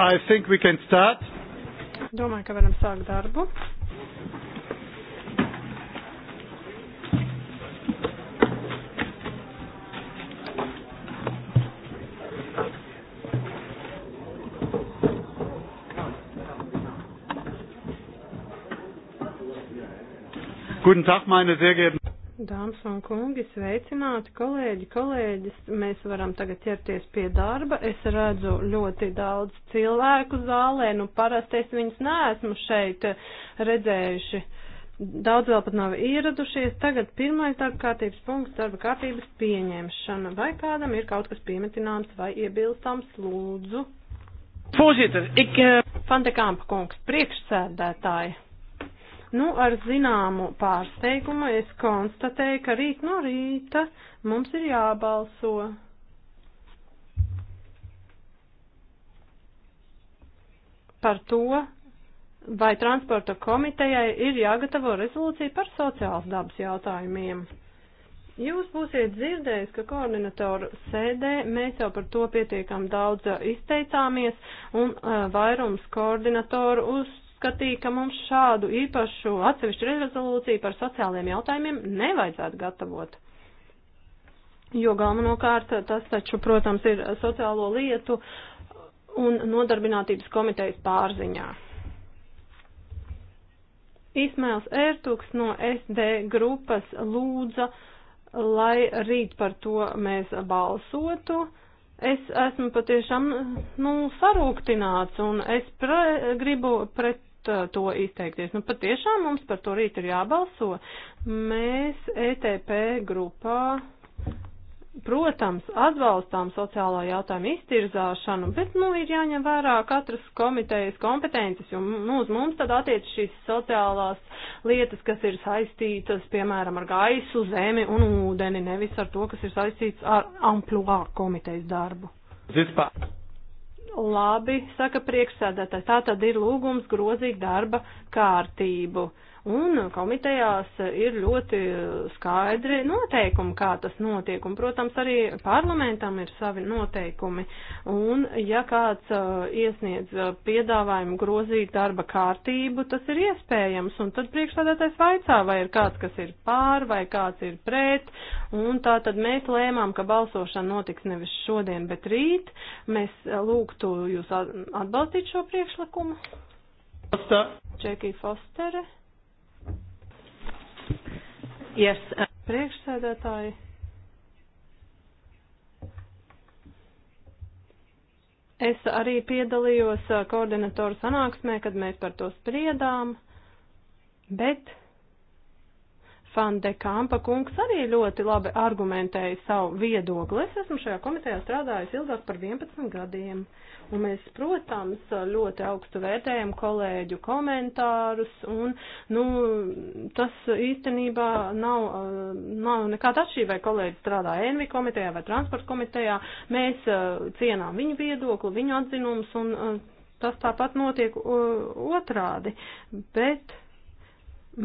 I think we can start. Domāju, ka varam sākt darbu. Guten Tag, meine sehr geehrten Dāmas un kungi, sveicināti, kolēģi, kolēģis. Mēs varam tagad ķerties pie darba. Es redzu ļoti daudz cilvēku zālē, nu parasti es viņus neesmu šeit redzējuši. Daudz vēl pat nav ieradušies. Tagad pirmais darba kārtības punkts - darba kārtības pieņemšana. Vai kādam ir kaut kas piemetināms vai iebilstams? Lūdzu. Voorzitter, ik. Eh, Van de Kamp kungs, priekšsēdētāji. Nu, ar zināmu pārsteigumu es konstatēju, ka rīt no rīta mums ir jābalso. Par to, vai transporta komitejai ir jāgatavo rezolūcija par sociālas dabas jautājumiem. Jūs būsiet dzirdējis, ka koordinatoru sēdē mēs jau par to pietiekam daudz uh, izteicāmies, un uh, vairums koordinatoru uz uzskatīja, ka mums šādu īpašu atsevišķu rezolūciju par sociālajiem jautājumiem nevajadzētu gatavot. Jo galvenokārt tas taču, protams, ir sociālo lietu un nodarbinātības komitejas pārziņā. Ismails Ertuks no SD grupas lūdza, lai rīt par to mēs balsotu. Es esmu patiešām nu, sarūktināts un es pre, gribu pret Uh, to izteikties. Nu, patiešām mums par to rīt ir jābalso. Mēs ETP grupā, protams, atbalstām sociālā jautājuma iztirzāšanu, bet, nu, ir jāņem vērā katras komitejas kompetences, jo, nu, uz mums tad attiec šīs sociālās lietas, kas ir saistītas, piemēram, ar gaisu, zemi un ūdeni, nevis ar to, kas ir saistīts ar amplua komitejas darbu. Zispār. Labi, saka priekšsēdētājs. Tā tad ir lūgums grozīt darba kārtību. Uh, Un komitejās ir ļoti skaidri noteikumi, kā tas notiek. Un, protams, arī parlamentam ir savi noteikumi. Un, ja kāds iesniedz piedāvājumu grozīt darba kārtību, tas ir iespējams. Un tad priekšstādātais vaicā, vai ir kāds, kas ir pār, vai kāds ir pret. Un tā tad mēs lēmām, ka balsošana notiks nevis šodien, bet rīt. Mēs lūgtu jūs atbalstīt šo priekšlikumu. Foster. Džekija Fostere. Yes. Uh, Priekšsēdētāji. Es arī piedalījos uh, koordinatoru sanāksmē, kad mēs par to spriedām, bet Fande Kampa kungs arī ļoti labi argumentēja savu viedokli. Es esmu šajā komitejā strādājusi ilgāk par 11 gadiem, un mēs, protams, ļoti augstu vērtējam kolēģu komentārus, un, nu, tas īstenībā nav, nav nekāda atšķirība, vai kolēģi strādā ENVI komitejā vai transporta komitejā. Mēs cienām viņu viedokli, viņu atzinumus, un tas tāpat notiek otrādi, bet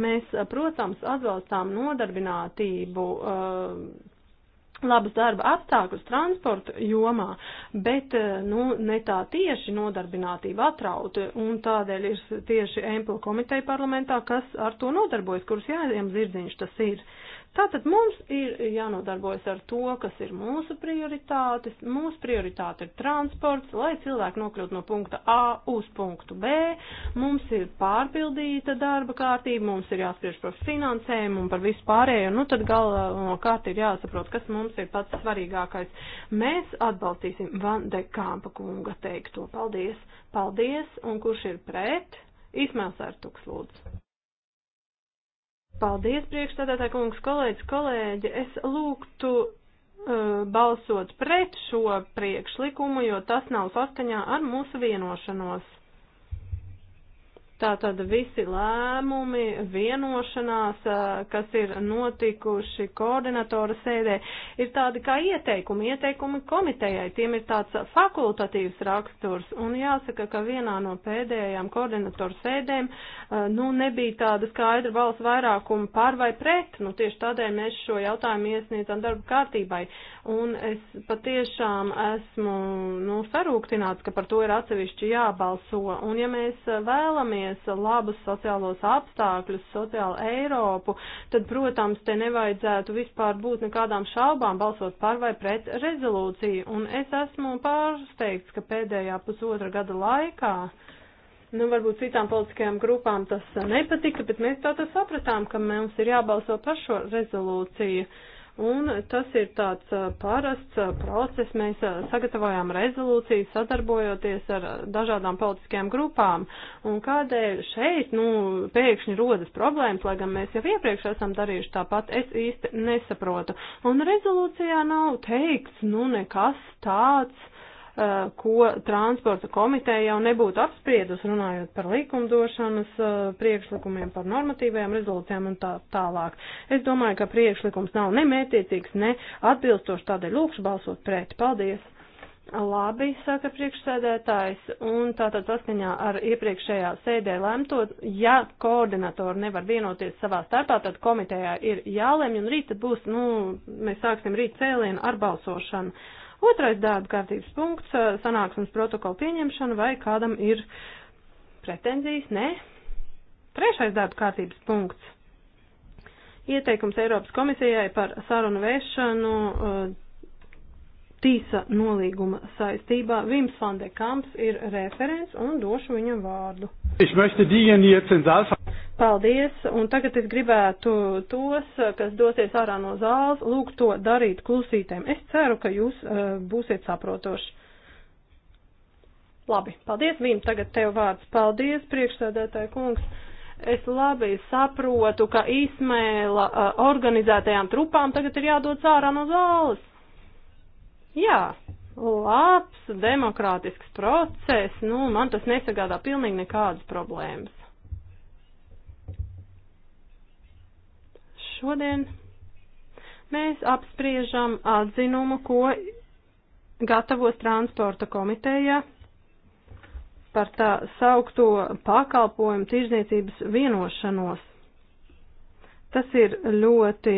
Mēs, eh, protams, atbalstām nodarbinātību. Uh, labus darba apstākļus transporta jomā, bet eh, nu, ne tā tieši nodarbinātība atrauta, un tādēļ ir tieši Empla komiteja parlamentā, kas ar to nodarbojas, kurus jāiziem zirdziņš tas ir. Uh, Tātad mums ir jānodarbojas ar to, kas ir mūsu prioritātes. Mūsu prioritāte ir transports, lai cilvēki nokļūtu no punkta A uz punktu B. Mums ir pārpildīta darba kārtība, mums ir jāspriež par finansējumu un par visu pārējo. Nu, tad galvenokārt ir jāsaprot, kas mums ir pats svarīgākais. Mēs atbalstīsim Van de Kampa kunga teikto. Paldies! Paldies! Un kurš ir pret? Ismēls Artuks lūdzu. Paldies, priekšstādātāji kungs, kolēģis, kolēģi. Es lūgtu uh, balsot pret šo priekšlikumu, jo tas nav saskaņā ar mūsu vienošanos. Tātad visi lēmumi, vienošanās, kas ir notikuši koordinatora sēdē, ir tādi kā ieteikumi, ieteikumi komitejai, tiem ir tāds fakultatīvs raksturs, un jāsaka, ka vienā no pēdējām koordinatora sēdēm, nu, nebija tāda skaidra balss vairākuma par vai pret, nu, tieši tādēļ mēs šo jautājumu iesniedzam darba kārtībai. Un es patiešām esmu nu, sarūktināts, ka par to ir atsevišķi jābalso. Un ja mēs vēlamies labus sociālos apstākļus, sociālu Eiropu, tad, protams, te nevajadzētu vispār būt nekādām šaubām balsot par vai pret rezolūciju. Un es esmu pārsteigts, ka pēdējā pusotra gada laikā nu, varbūt citām politiskajām grupām tas nepatika, bet mēs tā tas sapratām, ka mums ir jābalso par šo rezolūciju. Un tas ir tāds parasts process. Mēs sagatavojām rezolūciju sadarbojoties ar dažādām politiskajām grupām. Un kādēļ šeit, nu, pēkšņi rodas problēmas, lai gan mēs jau iepriekš esam darījuši tāpat, es īsti nesaprotu. Un rezolūcijā nav teikts, nu, nekas tāds Eh, ko transporta komiteja jau nebūtu apspriedus, runājot par likumdošanas eh, priekšlikumiem, par normatīvajām rezolūcijām un tā tālāk. Es domāju, ka priekšlikums nav ne mētiecīgs, ne atbilstošs, tādēļ lūkšu balsot pret. Paldies! Labi, saka priekšsēdētājs, un tātad saskaņā ar iepriekšējā sēdē lemtot, ja koordinatori nevar vienoties savā starpā, tad komitejā ir jālemj, un rīt tad būs, nu, mēs sāksim rīt cēlienu ar balsošanu. Uh, Otrais darba kārtības punkts - sanāksmes protokola pieņemšana vai kādam ir pretenzijas? Nē. Trešais darba kārtības punkts - ieteikums Eiropas komisijai par sarunu vēšanu tīsa nolīguma saistībā. Vims van de Kamps ir referents un došu viņam vārdu. Paldies, un tagad es gribētu tos, kas dosies ārā no zāles, lūgt to darīt klusītēm. Es ceru, ka jūs uh, būsiet saprotoši. Labi, paldies, Vīm, tagad tev vārds. Paldies, priekšsēdētāja kungs. Es labi saprotu, ka Ismēla uh, eh, organizētajām trupām tagad ir jādod ārā no zāles. Jā, labs, demokrātisks process, nu, man tas nesagādā pilnīgi nekādas problēmas. Šodien mēs apspriežam atzinumu, ko gatavos transporta komiteja par tā saukto pakalpojumu tirzniecības vienošanos. Tas ir ļoti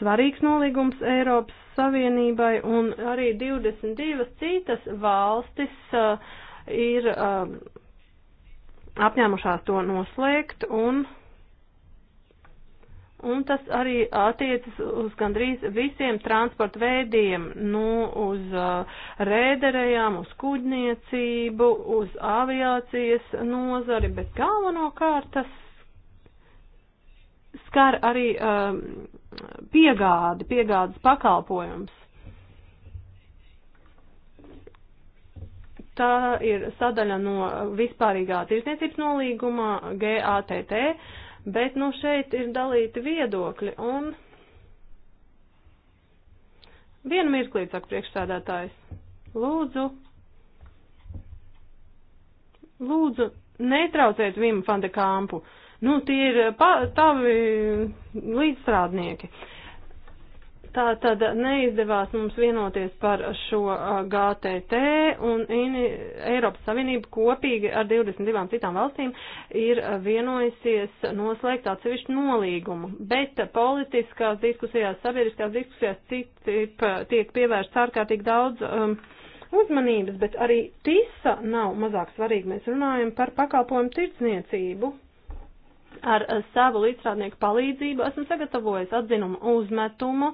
svarīgs nolīgums Eiropas Savienībai un arī 22 citas valstis uh, ir uh, apņēmušās to noslēgt un Un tas arī attiecas uz gandrīz visiem transporta veidiem, nu, uz uh, rēderējām, uz kuģniecību, uz aviācijas nozari, bet galvenokārt tas skar arī uh, piegādi, piegādes pakalpojums. Tā ir sadaļa no vispārīgā tirsniecības nolīguma GATT Bet, nu, šeit ir dalīti viedokļi un. Vienu mirklīt, saka priekšsēdētājs. Lūdzu, lūdzu, netraucēt Vimu Fandekāmpu. Nu, tie ir pa, tavi līdzstrādnieki. Uh, Tā tad neizdevās mums vienoties par šo GTT un Eiropas Savienība kopīgi ar 22 citām valstīm ir vienojusies noslēgt atsevišķu nolīgumu. Bet politiskās diskusijās, sabiedriskās diskusijās citip tiek pievērsts ārkārtīgi daudz um, uzmanības, bet arī TISA nav mazāk svarīga. Mēs runājam par pakalpojumu tirdzniecību. Ar eh, savu līdzstrādnieku palīdzību esmu sagatavojis atzinumu uzmetumu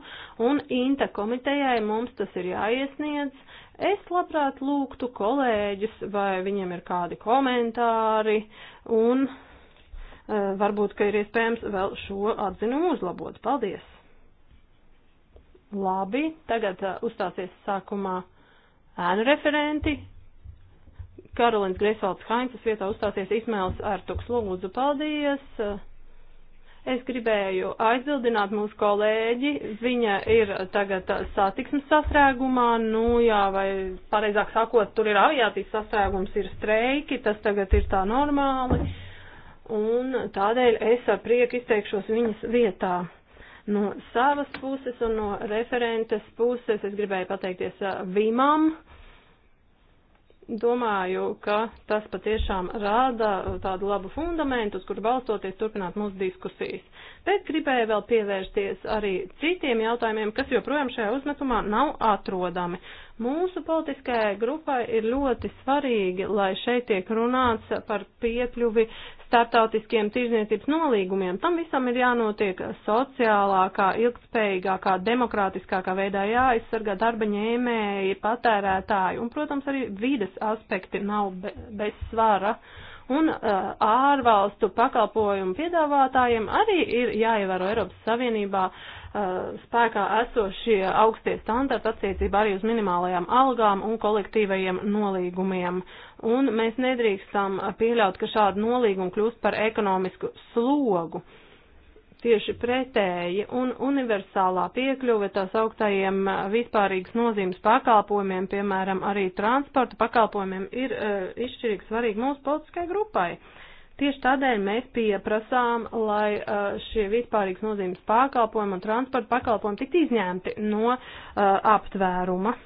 un Inta komitejai mums tas ir jāiesniedz. Es labprāt lūgtu kolēģus, vai viņiem ir kādi komentāri un eh, varbūt, ka ir iespējams vēl šo atzinumu uzlabot. Paldies! Labi, tagad eh, uzstāsies sākumā ēnu referenti, Karolins Gresvalds Hainces vietā uzstāsies Ismēls Artuks. Lūdzu, paldies! Es gribēju aizbildināt mūsu kolēģi. Viņa ir tagad satiksmes sastrēgumā, nu jā, vai pareizāk sakot, tur ir aviācijas sastrēgums, ir streiki, tas tagad ir tā normāli. Un tādēļ es ar prieku izteikšos viņas vietā no savas puses un no referentes puses es gribēju pateikties Vimam domāju, ka tas patiešām rāda tādu labu fundamentu, uz kur balstoties turpināt mūsu diskusijas. Bet gribēju vēl pievērsties arī citiem jautājumiem, kas joprojām šajā uzmetumā nav atrodami. Mūsu politiskajai grupai ir ļoti svarīgi, lai šeit tiek runāts par piekļuvi startautiskiem tirzniecības nolīgumiem. Tam visam ir jānotiek sociālākā, ilgspējīgākā, demokrātiskākā veidā jāaizsargā darba ņēmēji, patērētāji un, protams, arī vides aspekti nav be, bez svara. Un uh, ārvalstu pakalpojumu piedāvātājiem arī ir jāievēro Eiropas Savienībā uh, Uh, spēkā esošie augstie standarti attiecībā arī uz minimālajām algām un kolektīvajiem nolīgumiem. Un mēs nedrīkstam pieļaut, ka šāda nolīguma kļūst par ekonomisku slogu. Tieši pretēji un universālā piekļuve tās augstajiem vispārīgas nozīmes pakalpojumiem, piemēram, arī transporta pakalpojumiem, ir uh, izšķirīgi svarīgi mūsu politiskai grupai. Uh, Tieši tādēļ mēs pieprasām, lai uh, šie vispārīgas nozīmes pakalpojumi un transporta pakalpojumi tiktu izņemti no uh, aptvēruma.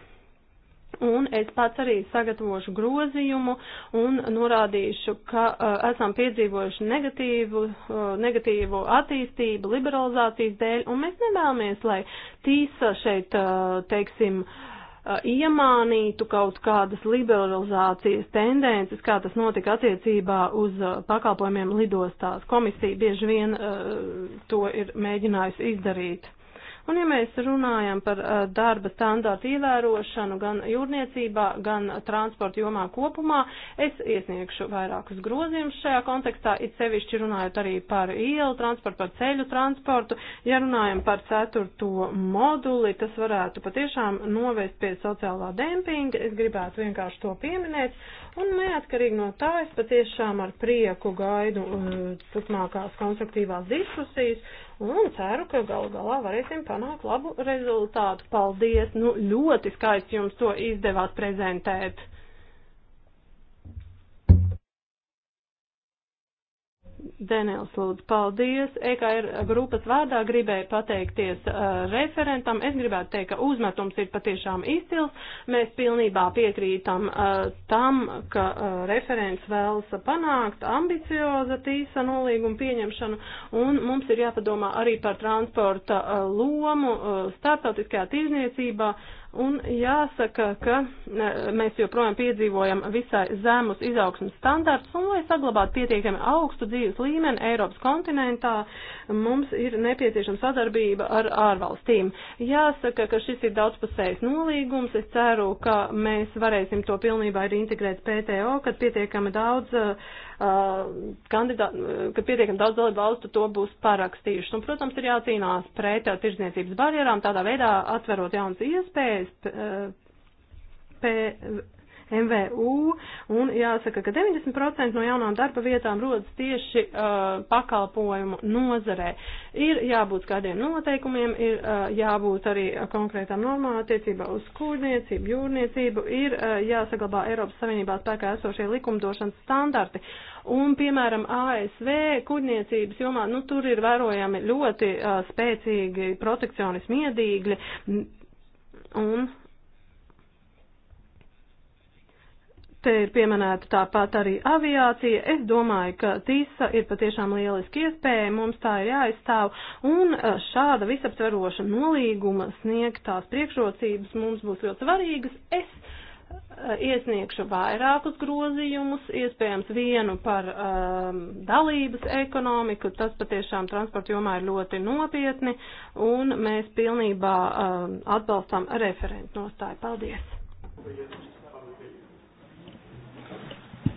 Un es pats arī sagatavošu grozījumu un norādīšu, ka uh, esam piedzīvojuši negatīvu, uh, negatīvu attīstību liberalizācijas dēļ, un mēs nevēlamies, lai tīsa šeit, uh, teiksim, uh, iemānītu kaut kādas liberalizācijas tendences, kā tas notika attiecībā uz pakalpojumiem lidostās. Komisija bieži vien to ir mēģinājusi izdarīt. Un ja mēs runājam par darba standārtu ievērošanu gan jūrniecībā, gan transporta jomā kopumā, es iesniegšu vairākus grozījumus šajā kontekstā, it sevišķi runājot arī par ielu transportu, par ceļu transportu. Ja runājam par ceturto moduli, tas varētu patiešām novest pie sociālā dempinga. Es gribētu vienkārši to pieminēt. Un neatkarīgi no tā, es patiešām ar prieku gaidu uh, turpmākās konstruktīvās diskusijas un ceru, ka galu galā varēsim panākt labu rezultātu. Paldies! Nu, ļoti skaisti jums to izdevās prezentēt. Denēls lūdzu, paldies. EKR er grupas vārdā gribēju pateikties uh, referentam. Es gribētu teikt, ka uzmetums ir patiešām izcils. Mēs pilnībā piekrītam uh, tam, ka uh, referents vēlas panākt ambicioza tīsa nolīguma pieņemšanu, un mums ir jāpadomā arī par transporta uh, lomu uh, starptautiskajā tirzniecībā. Uh, Un jāsaka, ka e, mēs joprojām piedzīvojam visai zemus izaugsmas standarts, un lai saglabātu pietiekami augstu dzīves līmeni Eiropas kontinentā, mums ir nepieciešama sadarbība ar ārvalstīm. Jāsaka, ka šis ir daudzpusējs nolīgums. Es ceru, ka mēs varēsim to pilnībā arī integrēt PTO, kad pietiekami daudz uh, Uh, ka uh, pietiekami daudz dalību valstu to būs parakstījuši. Un, protams, ir jācīnās pret uh, tirzniecības barjerām, tādā veidā atverot jaunas iespējas. P, p, MVU, un jāsaka, ka 90% no jaunām darba vietām rodas tieši uh, pakalpojumu nozarē. Ir jābūt kādiem noteikumiem, ir uh, jābūt arī konkrētām normām attiecībā uz kūrniecību, jūrniecību, ir uh, jāsaglabā Eiropas Savienībā spēkā esošie likumdošanas standarti. Un, piemēram, ASV kuģniecības jomā, nu, tur ir vērojami ļoti uh, spēcīgi protekcionismi iedīgļi. Un Te ir pieminēta tāpat arī aviācija. Es domāju, ka TISA ir patiešām lieliski iespēja, mums tā ir jāizstāv, un e, šāda visaptveroša nolīguma sniegtās priekšrocības mums būs ļoti svarīgas. Es e, iesniegšu vairākus grozījumus, iespējams vienu par um, dalības ekonomiku, tas patiešām transporta jomā ir ļoti nopietni, un mēs pilnībā um, atbalstam referentu nostāju. Paldies! Paldies.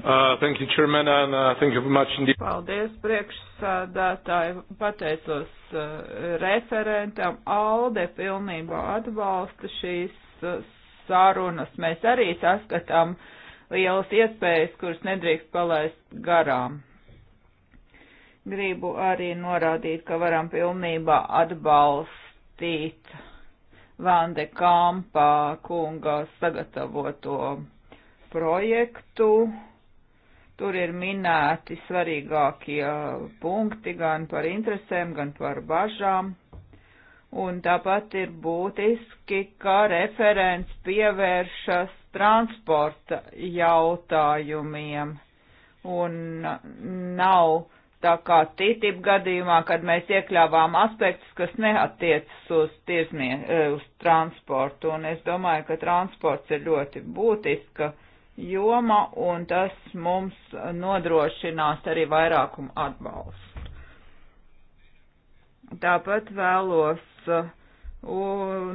Uh, thank you, Chairman, and uh, thank you very much indeed. Paldies, priekšsādātāji. Pateicos uh, referentam. Alde pilnībā atbalsta šīs uh, sarunas. Mēs arī saskatām lielas iespējas, kuras nedrīkst palaist garām. Gribu arī norādīt, ka varam pilnībā atbalstīt Vande Kampa kunga sagatavoto projektu Tur ir minēti svarīgākie uh, punkti gan par interesēm, gan par bažām. Un tāpat ir būtiski, ka referents pievēršas transporta jautājumiem un nav tā kā TTIP gadījumā, kad mēs iekļāvām aspektus, kas neatiecas uz, tiesmie, eh, uz transportu. Un es domāju, ka transports ir ļoti būtiska joma, un tas mums nodrošinās arī vairākumu atbalstu. Tāpat vēlos uh,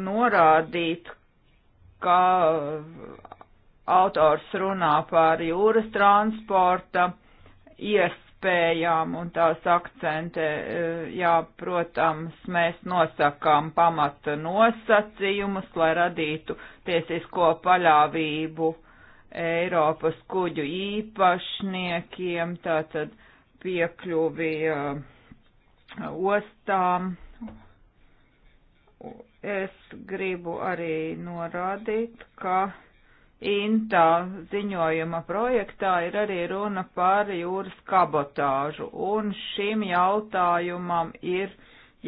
norādīt, ka autors runā par jūras transporta iespējām un tās akcentē. Uh, jā, protams, mēs nosakām pamata nosacījumus, lai radītu tiesisko paļāvību uh, Eiropas kuģu īpašniekiem, tātad piekļuvi uh, ostām. Es gribu arī norādīt, ka Intā ziņojuma projektā ir arī runa par jūras kabotāžu, un šim jautājumam ir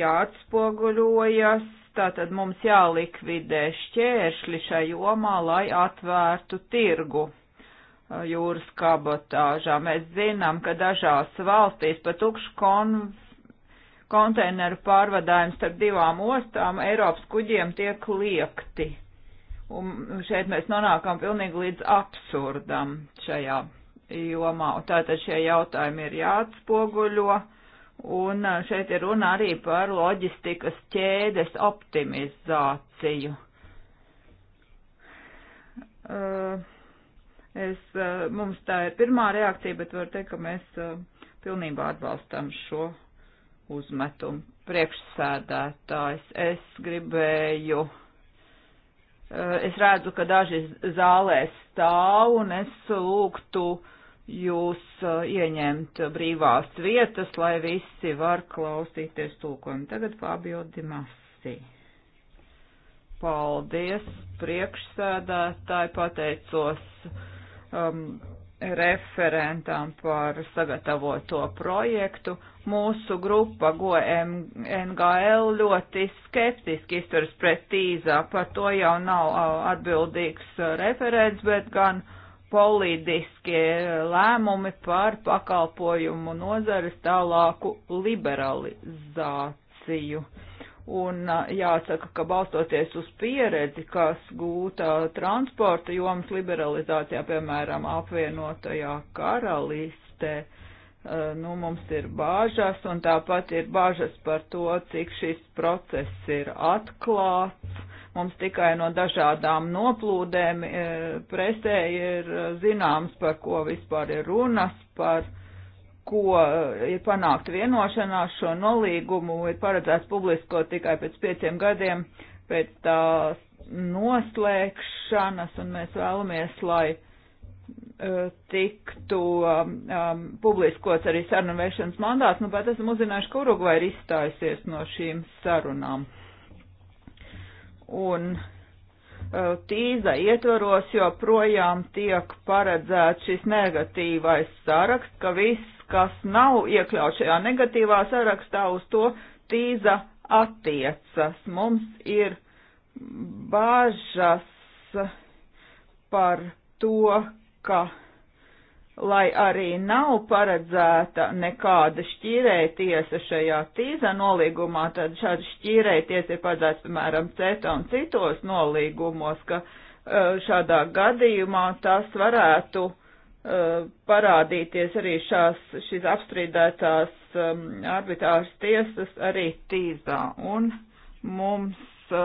jāatspoguļojas Tātad mums jālikvidē šķēršļi šai jomā, lai atvērtu tirgu uh, jūras kabotāžā. Mēs zinām, ka dažās valstīs pat tukšu konf konteineru pārvadājums starp divām ostām Eiropas kuģiem tiek liekti. Un šeit mēs nonākam pilnīgi līdz absurdam šajā jomā. Tātad šie jautājumi ir jāatspoguļo Un šeit ir runa arī par loģistikas ķēdes optimizāciju. Es, mums tā ir pirmā reakcija, bet var teikt, ka mēs pilnībā atbalstam šo uzmetumu. Priekšsēdētājs, es gribēju, es redzu, ka daži zālē stāv un es lūgtu uh, jūs uh, ieņemt brīvās vietas, lai visi var klausīties tulkojumu. Tagad Fabio Dimasi. Paldies, priekšsēdētāji, pateicos um, referentam par sagatavoto projektu. Mūsu grupa GOMNGL ļoti skeptiski izturas pret tīzā, par to jau nav uh, atbildīgs uh, referents, bet gan uh, politiskie lēmumi par pakalpojumu nozares tālāku liberalizāciju. Un jāsaka, ka balstoties uz pieredzi, kas gūta transporta jomas liberalizācijā, piemēram, apvienotajā karalistē, nu, mums ir bāžas, un tāpat ir bāžas par to, cik šis process ir atklāts Mums tikai no dažādām noplūdēm e, presē ir e, zināms, par ko vispār ir runas, par ko e, ir panākt vienošanās šo nolīgumu, ir paredzēts publisko tikai pēc pieciem gadiem pēc tās noslēgšanas, un mēs vēlamies, lai uh, tiktu um, um, publiskots arī sarunu vešanas mandāts, nu, bet esam uzzinājuši, ka Urugvai ir izstājusies no šīm sarunām un e, tīza ietvaros joprojām tiek paredzēts šis negatīvais saraksts, ka viss, kas nav iekļauts šajā negatīvā sarakstā, uz to tīza attiecas. Mums ir bāžas par to, ka lai arī nav paredzēta nekāda šķīrēja tiesa šajā tīza nolīgumā, tad šāda šķīrēja tiesa ir paredzēta, piemēram, CETA un citos nolīgumos, ka e, šādā gadījumā tas varētu e, parādīties arī šās, šīs apstrīdētās um, arbitrāžas tiesas arī tīzā. Un mums e,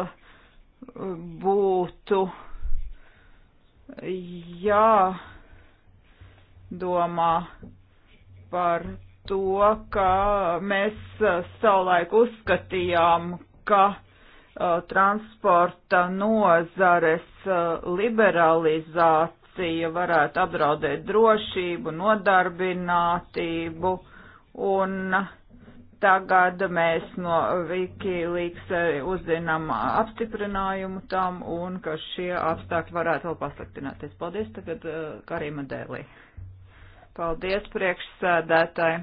būtu jā. Ja, jādomā par to, ka mēs eh, savulaik uzskatījām, ka eh, transporta nozares eh, liberalizācija varētu apdraudēt drošību, nodarbinātību, un tagad mēs no Wikileaks uzzinām apstiprinājumu tam, un ka šie apstākļi varētu vēl pasliktināties. Paldies tagad Karīma Dēlī. Paldies priekšsēdētāji.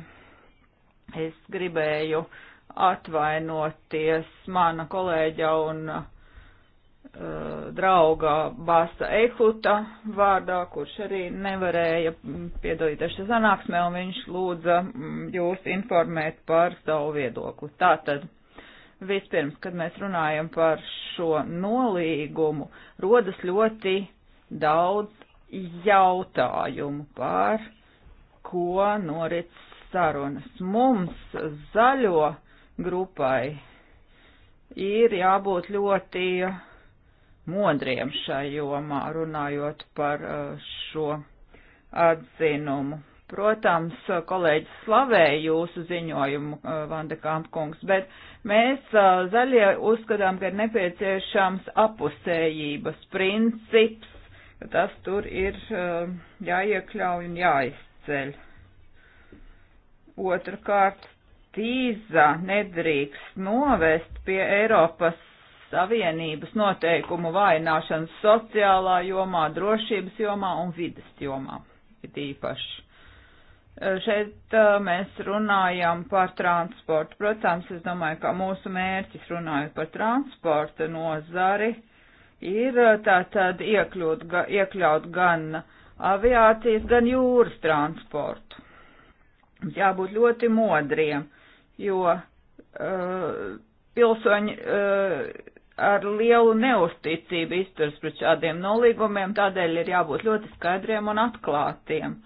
Es gribēju atvainoties mana kolēģa un uh, drauga Bāsta Eihuta vārdā, kurš arī nevarēja mm, piedalīties šajā sanāksmē, un viņš lūdza mm, jūs informēt par savu viedokli. Tātad, vispirms, kad mēs runājam par šo nolīgumu, rodas ļoti daudz jautājumu par ko norit sarunas. Mums zaļo grupai ir jābūt ļoti modriem šai jomā, runājot par eh, šo atzinumu. Protams, kolēģis slavēja jūsu ziņojumu, eh, Vanda Kampkungs, bet mēs eh, zaļie uzskatām, ka ir nepieciešams apusējības princips, tas tur ir jāiekļauj un jāiz jāizceļ. Otrakārt, tīza nedrīkst novest pie Eiropas Savienības noteikumu vājināšanas sociālā jomā, drošības jomā un vidas jomā. Ir īpaši. E, šeit e, mēs runājam par transportu. Protams, es domāju, ka mūsu mērķis runājot par transporta nozari ir e, tātad iekļūt, iekļaut gan uh, aviācijas, gan jūras transportu. Mums jābūt ļoti modriem, jo uh, pilsoņi uh, ar lielu neusticību izturs pret šādiem nolīgumiem, tādēļ ir jābūt ļoti skaidriem un atklātiem.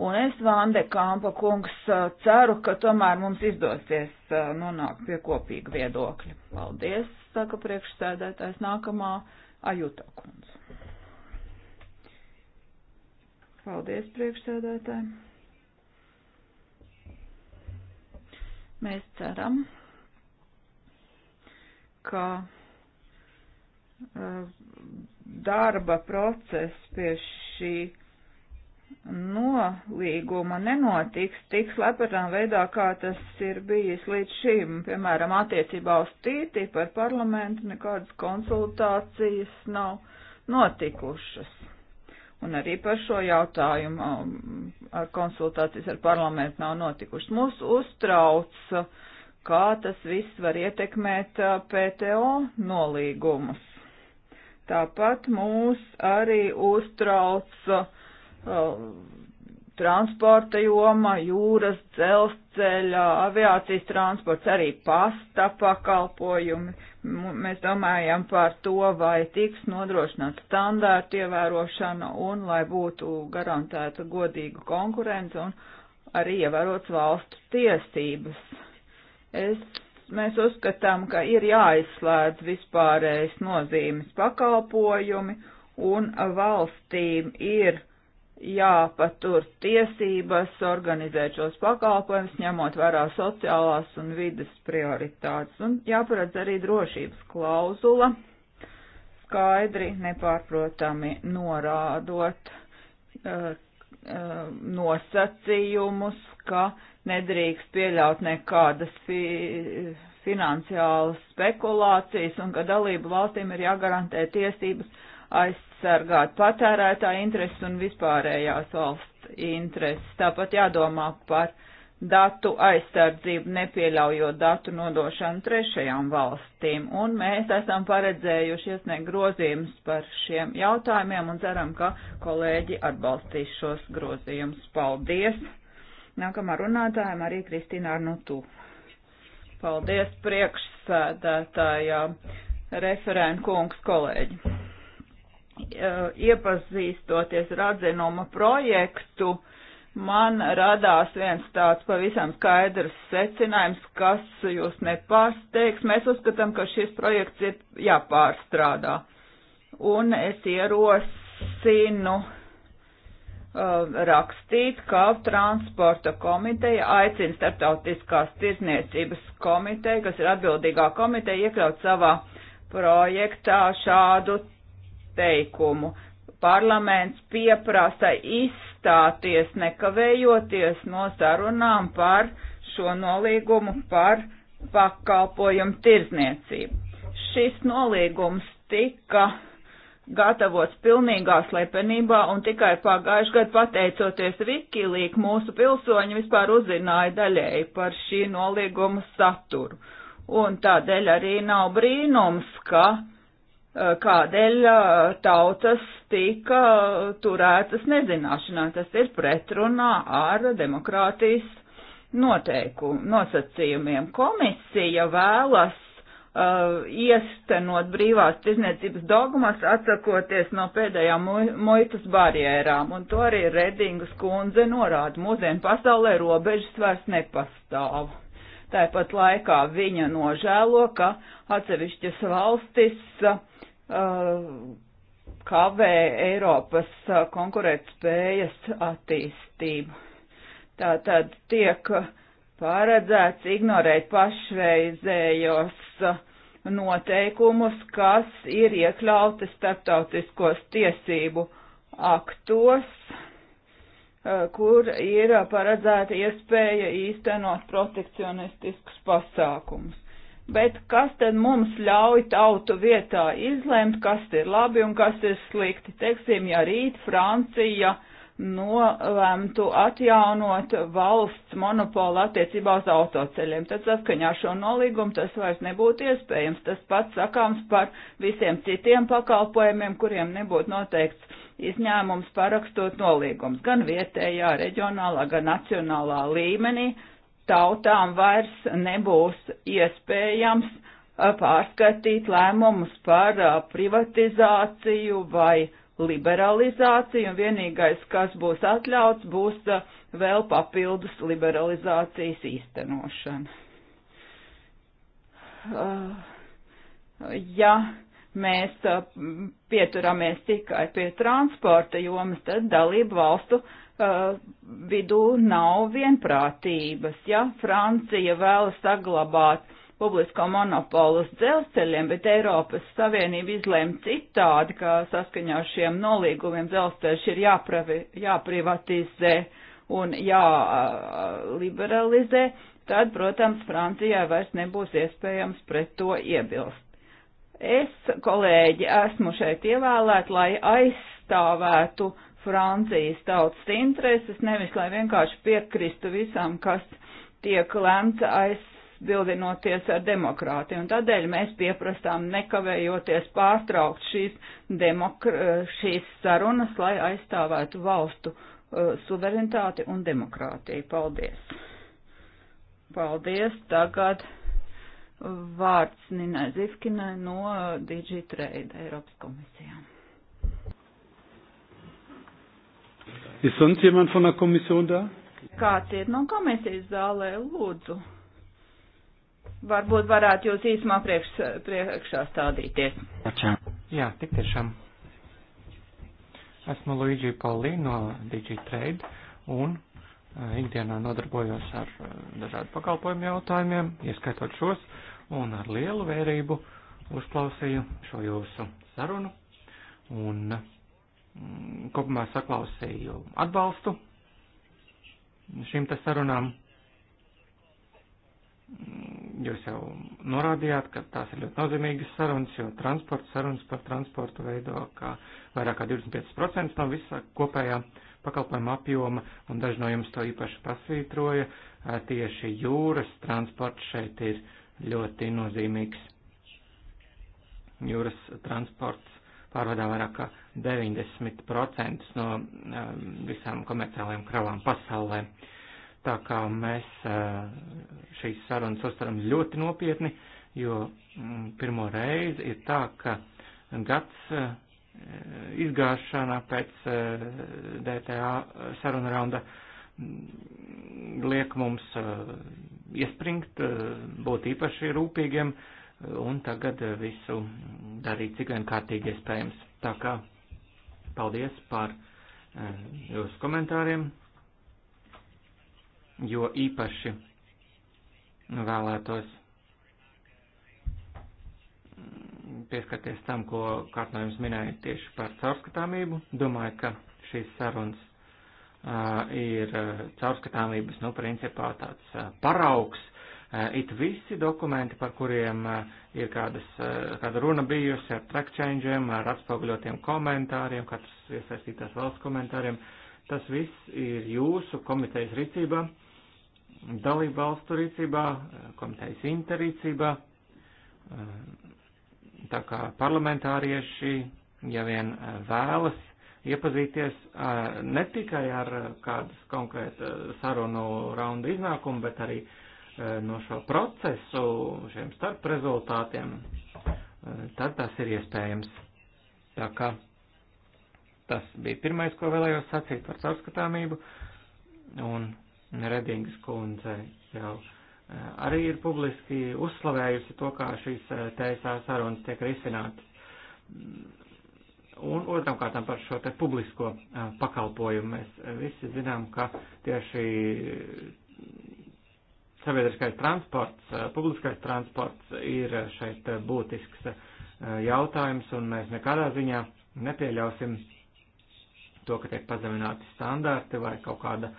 Un es, Vande Kampa kungs, uh, ceru, ka tomēr mums izdosies uh, nonākt pie kopīga viedokļa. Paldies, saka priekšsēdētājs nākamā Ajuta kundze. Paldies priekšsēdētājiem. Mēs ceram, ka uh, darba process pie šī nolīguma nenotiks tik slepenā veidā, kā tas ir bijis līdz šim. Piemēram, attiecībā uz tīti par parlamentu nekādas konsultācijas nav notikušas un arī par šo jautājumu um, ar konsultācijas ar parlamentu nav notikušas. Mūs uztrauc, kā tas viss var ietekmēt uh, PTO nolīgumus. Tāpat mūs arī uztrauc uh, transporta joma, jūras, dzelzceļa, aviācijas transports, arī pasta pakalpojumi. Mēs domājam par to, vai tiks nodrošināt standārtu ievērošana un lai būtu garantēta godīga konkurence un arī ievērots valstu tiesības. Es, mēs uzskatām, ka ir jāizslēdz vispārējais nozīmes pakalpojumi un valstīm ir jāpatur tiesības organizēt šos pakalpojumus, ņemot vērā sociālās un vidas prioritātes, un jāparedz arī drošības klauzula, skaidri, nepārprotami norādot uh, uh, nosacījumus, ka nedrīkst pieļaut nekādas fi finansiālas spekulācijas un ka dalību valstīm ir jāgarantē tiesības aizsargāt patērētāju intereses un vispārējās valsts intereses. Tāpat jādomā par datu aizsardzību, nepieļaujot datu nodošanu trešajām valstīm, un mēs esam paredzējuši iesniegt grozījumus par šiem jautājumiem un ceram, ka kolēģi atbalstīs šos grozījumus. Paldies! Nākamā runātājiem arī Kristīna Arnutu. Paldies priekšsēdētājā, referēnkungs kolēģi! Uh, iepazīstoties ar atzinuma projektu, man radās viens tāds pavisam skaidrs secinājums, kas jūs nepārsteigs. Mēs uzskatām, ka šis projekts ir jāpārstrādā. Un es ierosinu uh, rakstīt, ka transporta komiteja aicina starptautiskās tirzniecības komiteju, kas ir atbildīgā komiteja, iekļaut savā projektā šādu teikumu. Parlaments pieprasa izstāties nekavējoties no sarunām par šo nolīgumu par pakalpojumu tirzniecību. Šis nolīgums tika gatavots pilnīgā slepenībā, un tikai pagājuši gadu pateicoties Vikilīk mūsu pilsoņi vispār uzzināja daļēji par šī nolīguma saturu. Un tādēļ arī nav brīnums, ka Eh, kādēļ eh, tautas tika turētas nezināšanā. Tas ir pretrunā ar demokrātijas noteikumu, nosacījumiem. Komisija vēlas uh, eh, iestenot brīvās tirzniecības dogmas, atsakoties no pēdējām mu muitas barjerām, un to arī Redingas kundze norāda. Mūsdienu pasaulē robežas vairs nepastāv. Tāpat laikā viņa nožēlo, ka atsevišķas valstis uh, Uh, kavē Eiropas uh, konkurētspējas attīstību. Tātad tiek paredzēts ignorēt pašreizējos uh, noteikumus, kas ir iekļauti starptautiskos tiesību aktos, kur ir paredzēta iespēja īstenot protekcionistiskus pasākumus bet kas tad mums ļauj tautu vietā izlemt, kas ir labi un kas ir slikti? Teiksim, ja rīt Francija nolemtu atjaunot valsts monopolu attiecībā uz autoceļiem, tad saskaņā šo nolīgumu tas vairs nebūtu iespējams. Tas pats sakāms par visiem citiem pakalpojumiem, kuriem nebūtu noteikts izņēmums parakstot nolīgums gan vietējā, reģionālā, gan nacionālā līmenī tautām vairs nebūs iespējams pārskatīt lēmumus par privatizāciju vai liberalizāciju, un vienīgais, kas būs atļauts, būs vēl papildus liberalizācijas īstenošana. Ja mēs pieturamies tikai pie transporta jomas, tad dalību valstu vidū nav vienprātības. Ja Francija vēlas saglabāt publisko monopolu uz dzelzceļiem, bet Eiropas Savienība izlēma citādi, ka saskaņā ar šiem nolīgumiem dzelzceļš ir jāpravi, jāprivatizē un jāliberalizē, tad, protams, Francijai vairs nebūs iespējams pret to iebilst. Es, kolēģi, esmu šeit ievēlēt, lai aizstāvētu uh, Francijas tautas intereses, nevis lai vienkārši piekristu visam, kas tiek lemts aizbildinoties ar demokrātiju. Un tādēļ mēs pieprastām nekavējoties pārtraukt šīs, šīs sarunas, lai aizstāvētu valstu uh, suverenitāti un demokrātiju. Paldies! Paldies! Tagad vārds Ninai Zivkinai no uh, DigiTrade Eiropas komisijām. Ist sonst jemand von der Kommission da? Kāds ir no komisijas zālē, lūdzu. Varbūt varētu jūs īsumā priekš, priekšā stādīties. Jā, tik tiešām. Esmu Luigi Pauli no DigiTrade un eh, ikdienā nodarbojos ar eh, dažādu pakalpojumu jautājumiem, ieskaitot šos, un ar lielu vērību uzklausīju šo jūsu sarunu. Un Mm, kopumā saklausīju atbalstu šīm te sarunām. Mm, jūs jau norādījāt, ka tās ir ļoti nozīmīgas sarunas, jo transporta sarunas par transportu veido kā vairāk kā 25% no visa kopējā pakalpojuma apjoma, un daži no jums to īpaši pasvītroja. Tieši jūras transports šeit ir ļoti nozīmīgs. Jūras transports pārvadā vairāk kā 90% no um, visām komerciālajām kravām pasaulē. Tā kā mēs uh, šīs sarunas uztaram ļoti nopietni, jo mm, pirmo reizi ir tā, ka gads uh, izgāšana pēc uh, DTA saruna raunda mm, liek mums iespringt, būt īpaši rūpīgiem un tagad eh, visu darīt cik vien kārtīgi iespējams. Tā kā paldies par eh, jūsu komentāriem, jo īpaši vēlētos mm, pieskarties tam, ko kārt no jums minēja tieši par caurskatāmību. Domāju, ka šīs sarunas uh, ir caurskatāmības, nu, principā tāds uh, paraugs, Eh, it visi dokumenti, par kuriem eh, ir kādas, eh, kāda runa bijusi ar track change'iem, ar atspoguļotiem komentāriem, katrs iesaistītās valsts komentāriem, tas viss ir jūsu komitejas rīcībā, dalību valstu rīcībā, komitejas interrīcībā. Tā kā parlamentārieši, ja vien vēlas, iepazīties ne tikai ar kādas konkrēta sarunu raunda iznākumu, bet arī no šo procesu, šiem starp rezultātiem, eh, tad tas ir iespējams. Tā kā tas bija pirmais, ko vēlējos sacīt par caurskatāmību, un Redingas kundze jau eh, arī ir publiski uzslavējusi to, kā šīs eh, TSA sarunas tiek risinātas. Un otram kārtām par šo te publisko pakalpojumu mēs visi zinām, ka tieši sabiedriskais transports, eh, publiskais transports ir šeit eh, būtisks eh, jautājums, un mēs nekādā ziņā nepieļausim to, ka tiek pazemināti standarti vai kaut kāda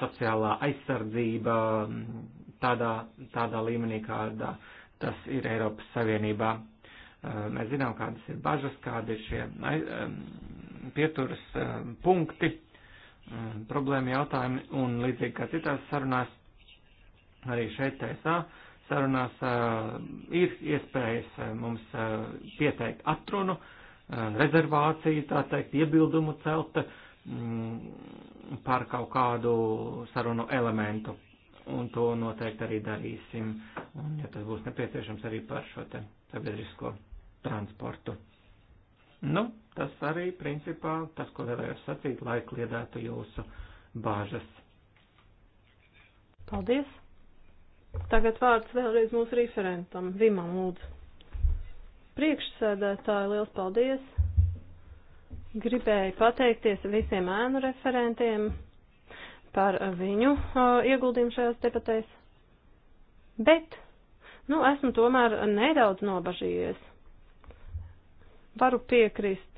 sociālā aizsardzība mm, tādā, tādā līmenī, kādā tas ir Eiropas Savienībā. Mēs zinām, kādas ir bažas, kādi ir šie mm, pieturas punkti, mm, problēma jautājumi, un līdzīgi kā citās sarunās Arī šeit TSA sarunās ir iespējas mums pieteikt atrunu, rezervāciju, tā teikt, iebildumu celt mm, par kaut kādu sarunu elementu. Un to noteikti arī darīsim. Un, ja tas būs nepieciešams, arī par šo te sabiedrisko transportu. Nu, tas arī, principā, tas, ko vēlējos sacīt, lai kliedētu jūsu bāžas. Paldies! Tagad vārds vēlreiz mūsu referentam, Vimam Lūdzu. Priekšsēdētāji, liels paldies! Gribēju pateikties visiem ēnu referentiem par viņu uh, ieguldījumu šajās debatēs. Bet, nu, esmu tomēr nedaudz nobažījies. Varu piekrist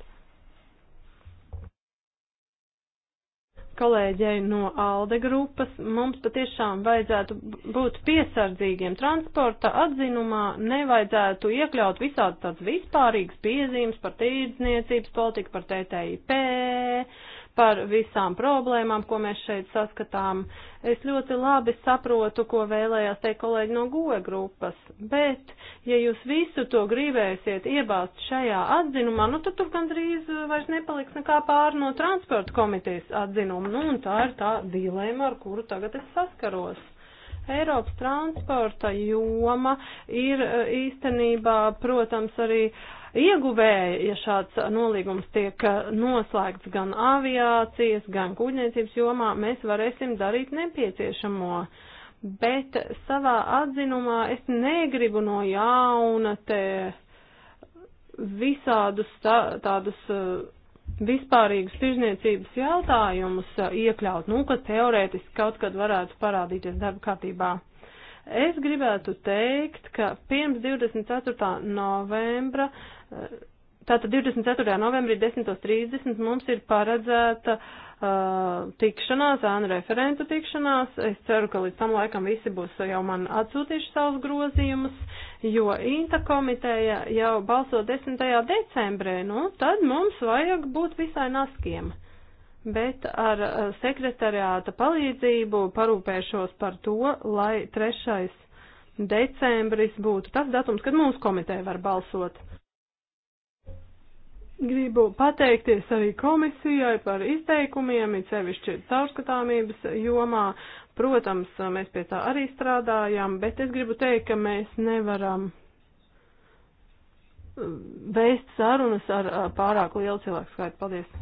kolēģei no ALDE grupas, mums patiešām vajadzētu būt piesardzīgiem. Transporta atzinumā nevajadzētu iekļaut visādi tāds vispārīgs piezīmes par tīrdzniecības politiku, par TTIP, par visām problēmām, ko mēs šeit saskatām. Es ļoti labi saprotu, ko vēlējās teikt kolēģi no goja grupas, bet, ja jūs visu to gribēsiet iebāzt šajā atzinumā, nu tad tur gandrīz vairs nepaliks nekā pār no transporta komitejas atzinuma, nu un tā ir tā dilēma, ar kuru tagad es saskaros. Eiropas transporta joma ir eh, īstenībā, protams, arī uh, ieguvēji, ja šāds nolīgums tiek eh, noslēgts gan aviācijas, gan kuģniecības jomā, mēs varēsim darīt nepieciešamo. Bet savā atzinumā es negribu no jauna te visādus tā, tādus eh, vispārīgus tirzniecības jautājumus eh, iekļaut, nu, ka teorētiski kaut kad varētu parādīties darba kārtībā. Es gribētu teikt, ka pirms 24. novembra uh, Tātad 24. novembrī 10.30 mums ir paredzēta uh, tikšanās, ānu referentu tikšanās. Es ceru, ka līdz tam laikam visi būs jau man atsūtījuši savus grozījumus, jo Inta komiteja jau balso 10. decembrī, nu tad mums vajag būt visai naskiem. Bet ar uh, sekretariāta palīdzību parūpēšos par to, lai 3. decembris būtu tas datums, kad mūsu komiteja var balsot. Gribu pateikties arī komisijai par izteikumiem, it sevišķi caurskatāmības jomā. Protams, mēs pie tā arī strādājam, bet es gribu teikt, ka mēs nevaram um, vēst sarunas ar uh, pārāk lielu cilvēku skaitu. Paldies!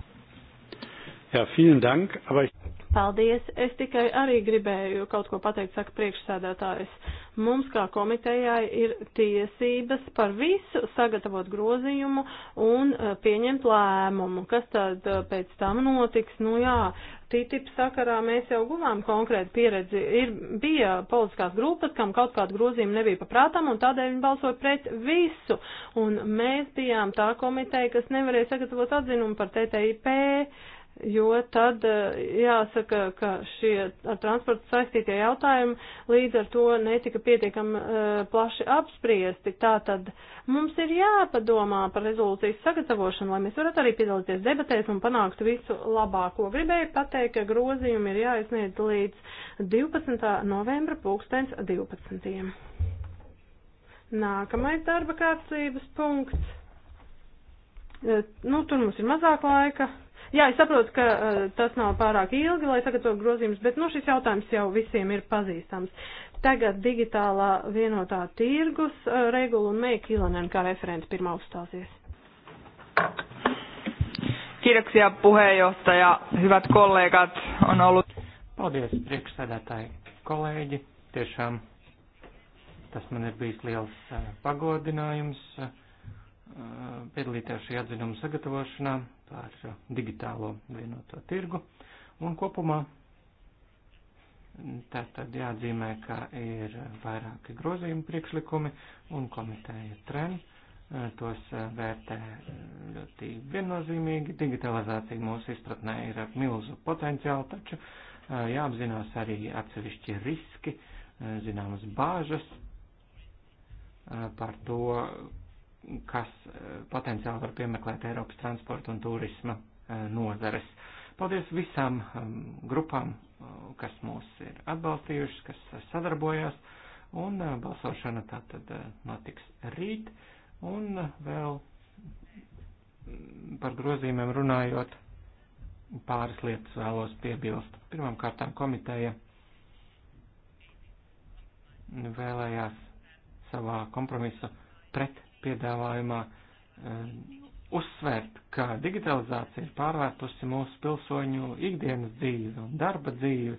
Jā, ja, vielen dank, aber ich... Paldies! Es tikai arī gribēju kaut ko pateikt, saka priekšsēdētājs. Mums kā komitejai ir tiesības par visu sagatavot grozījumu un eh, pieņemt lēmumu. Kas tad eh, pēc tam notiks? Nu jā, TTIP sakarā mēs jau guvām konkrētu pieredzi. Ir, bija politiskās grupas, kam kaut kāda grozījuma nebija paprātām un tādēļ viņi balsoja pret visu. Un mēs bijām tā komiteja, kas nevarēja sagatavot atzinumu par TTIP jo tad eh, jāsaka, ka šie ar transportu saistītie jautājumi līdz ar to netika pietiekami uh, plaši apspriesti. Tātad mums ir jāpadomā par rezolūcijas sagatavošanu, lai mēs varētu arī piedalīties debatēs un panākt visu labāko. Gribēju pateikt, ka grozījumi ir jāizniedz līdz 12. novembra pulkstens 12. Nākamais darba kārtības punkts. Eh, nu, tur mums ir mazāk laika. Jā, es saprotu, ka uh, tas nav pārāk ilgi, lai sagatavotu grozījumus, bet nu, šis jautājums jau visiem ir pazīstams. Tagad digitālā vienotā tirgus uh, regula un Meija Kilanen kā referents pirmā uzstāsies. Kiitoksia puheenjohtaja, hyvät kollegat, on ollut. Paldies priekšsēdētāji, kolēģi, tiešām tas man ir bijis liels eh, pagodinājums. Uh, piedalīties šī atzinuma sagatavošanā par digitālo vienoto tirgu. Un kopumā tā tad jāatzīmē, ka ir vairāki grozījumi priekšlikumi un komiteja tren. Tos vērtē ļoti viennozīmīgi. Digitalizācija mūsu izpratnē ir ar milzu potenciālu, taču jāapzinās arī atsevišķi riski, zināmas bāžas par to, kas eh, potenciāli var piemeklēt Eiropas transporta un turisma eh, nozares. Paldies visām ehm, grupām, eh, kas mūs ir atbalstījušas, kas sadarbojās, un balsošana tā tad notiks rīt, un vēl mm, par grozīmēm runājot, pāris lietas vēlos piebilst. Pirmām kārtām komiteja vēlējās savā kompromisa pret piedāvājumā eh, uzsvērt, ka digitalizācija ir pārvērtusi mūsu pilsoņu ikdienas dzīvi un darba dzīvi,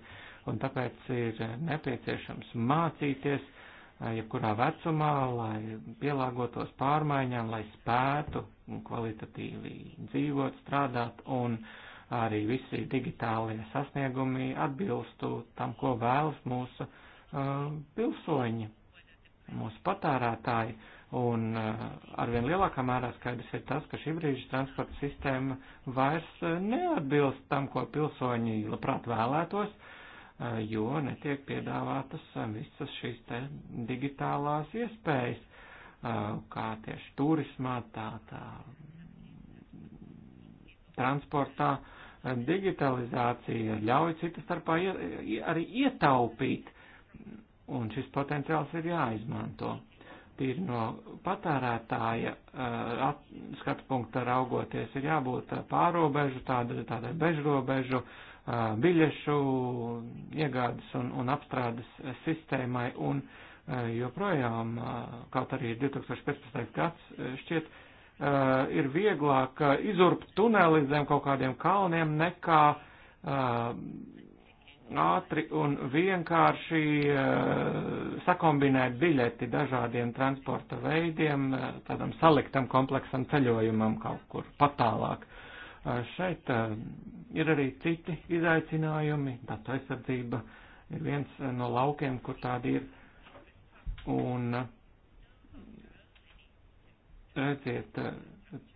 un tāpēc ir nepieciešams mācīties eh, jebkurā vecumā, lai pielāgotos pārmaiņām, lai spētu kvalitatīvi dzīvot, strādāt un arī visi digitālie sasniegumi atbilstu tam, ko vēlas mūsu uh, pilsoņi, mūsu patērētāji. Uh, Un eh, arvien lielākā mērā skaidrs ir tas, ka šī brīža transporta sistēma vairs eh, neatbilst tam, ko pilsoņi labprāt vēlētos, eh, jo netiek piedāvātas visas šīs te digitālās iespējas, kā tieši turismā, tā, tā transportā. Digitalizācija ļauj cita starpā arī ietaupīt, un šis potenciāls ir jāizmanto tīri no patērētāja eh, skatu punkta raugoties, ir jābūt eh, pārobežu, tādai, tādai bežrobežu, eh, biļešu iegādes un, un apstrādes sistēmai, un joprojām, kaut arī ir 2015. gads, šķiet, ir vieglāk izurbt tuneli zem kaut kādiem kalniem nekā ātri un vienkārši eh, sakombinēt biļeti dažādiem transporta veidiem, eh, tādam saliktam kompleksam ceļojumam kaut kur patālāk. Eh, šeit ir arī citi izaicinājumi, datu aizsardzība ir viens no laukiem, kur tādi ir. Un redziet,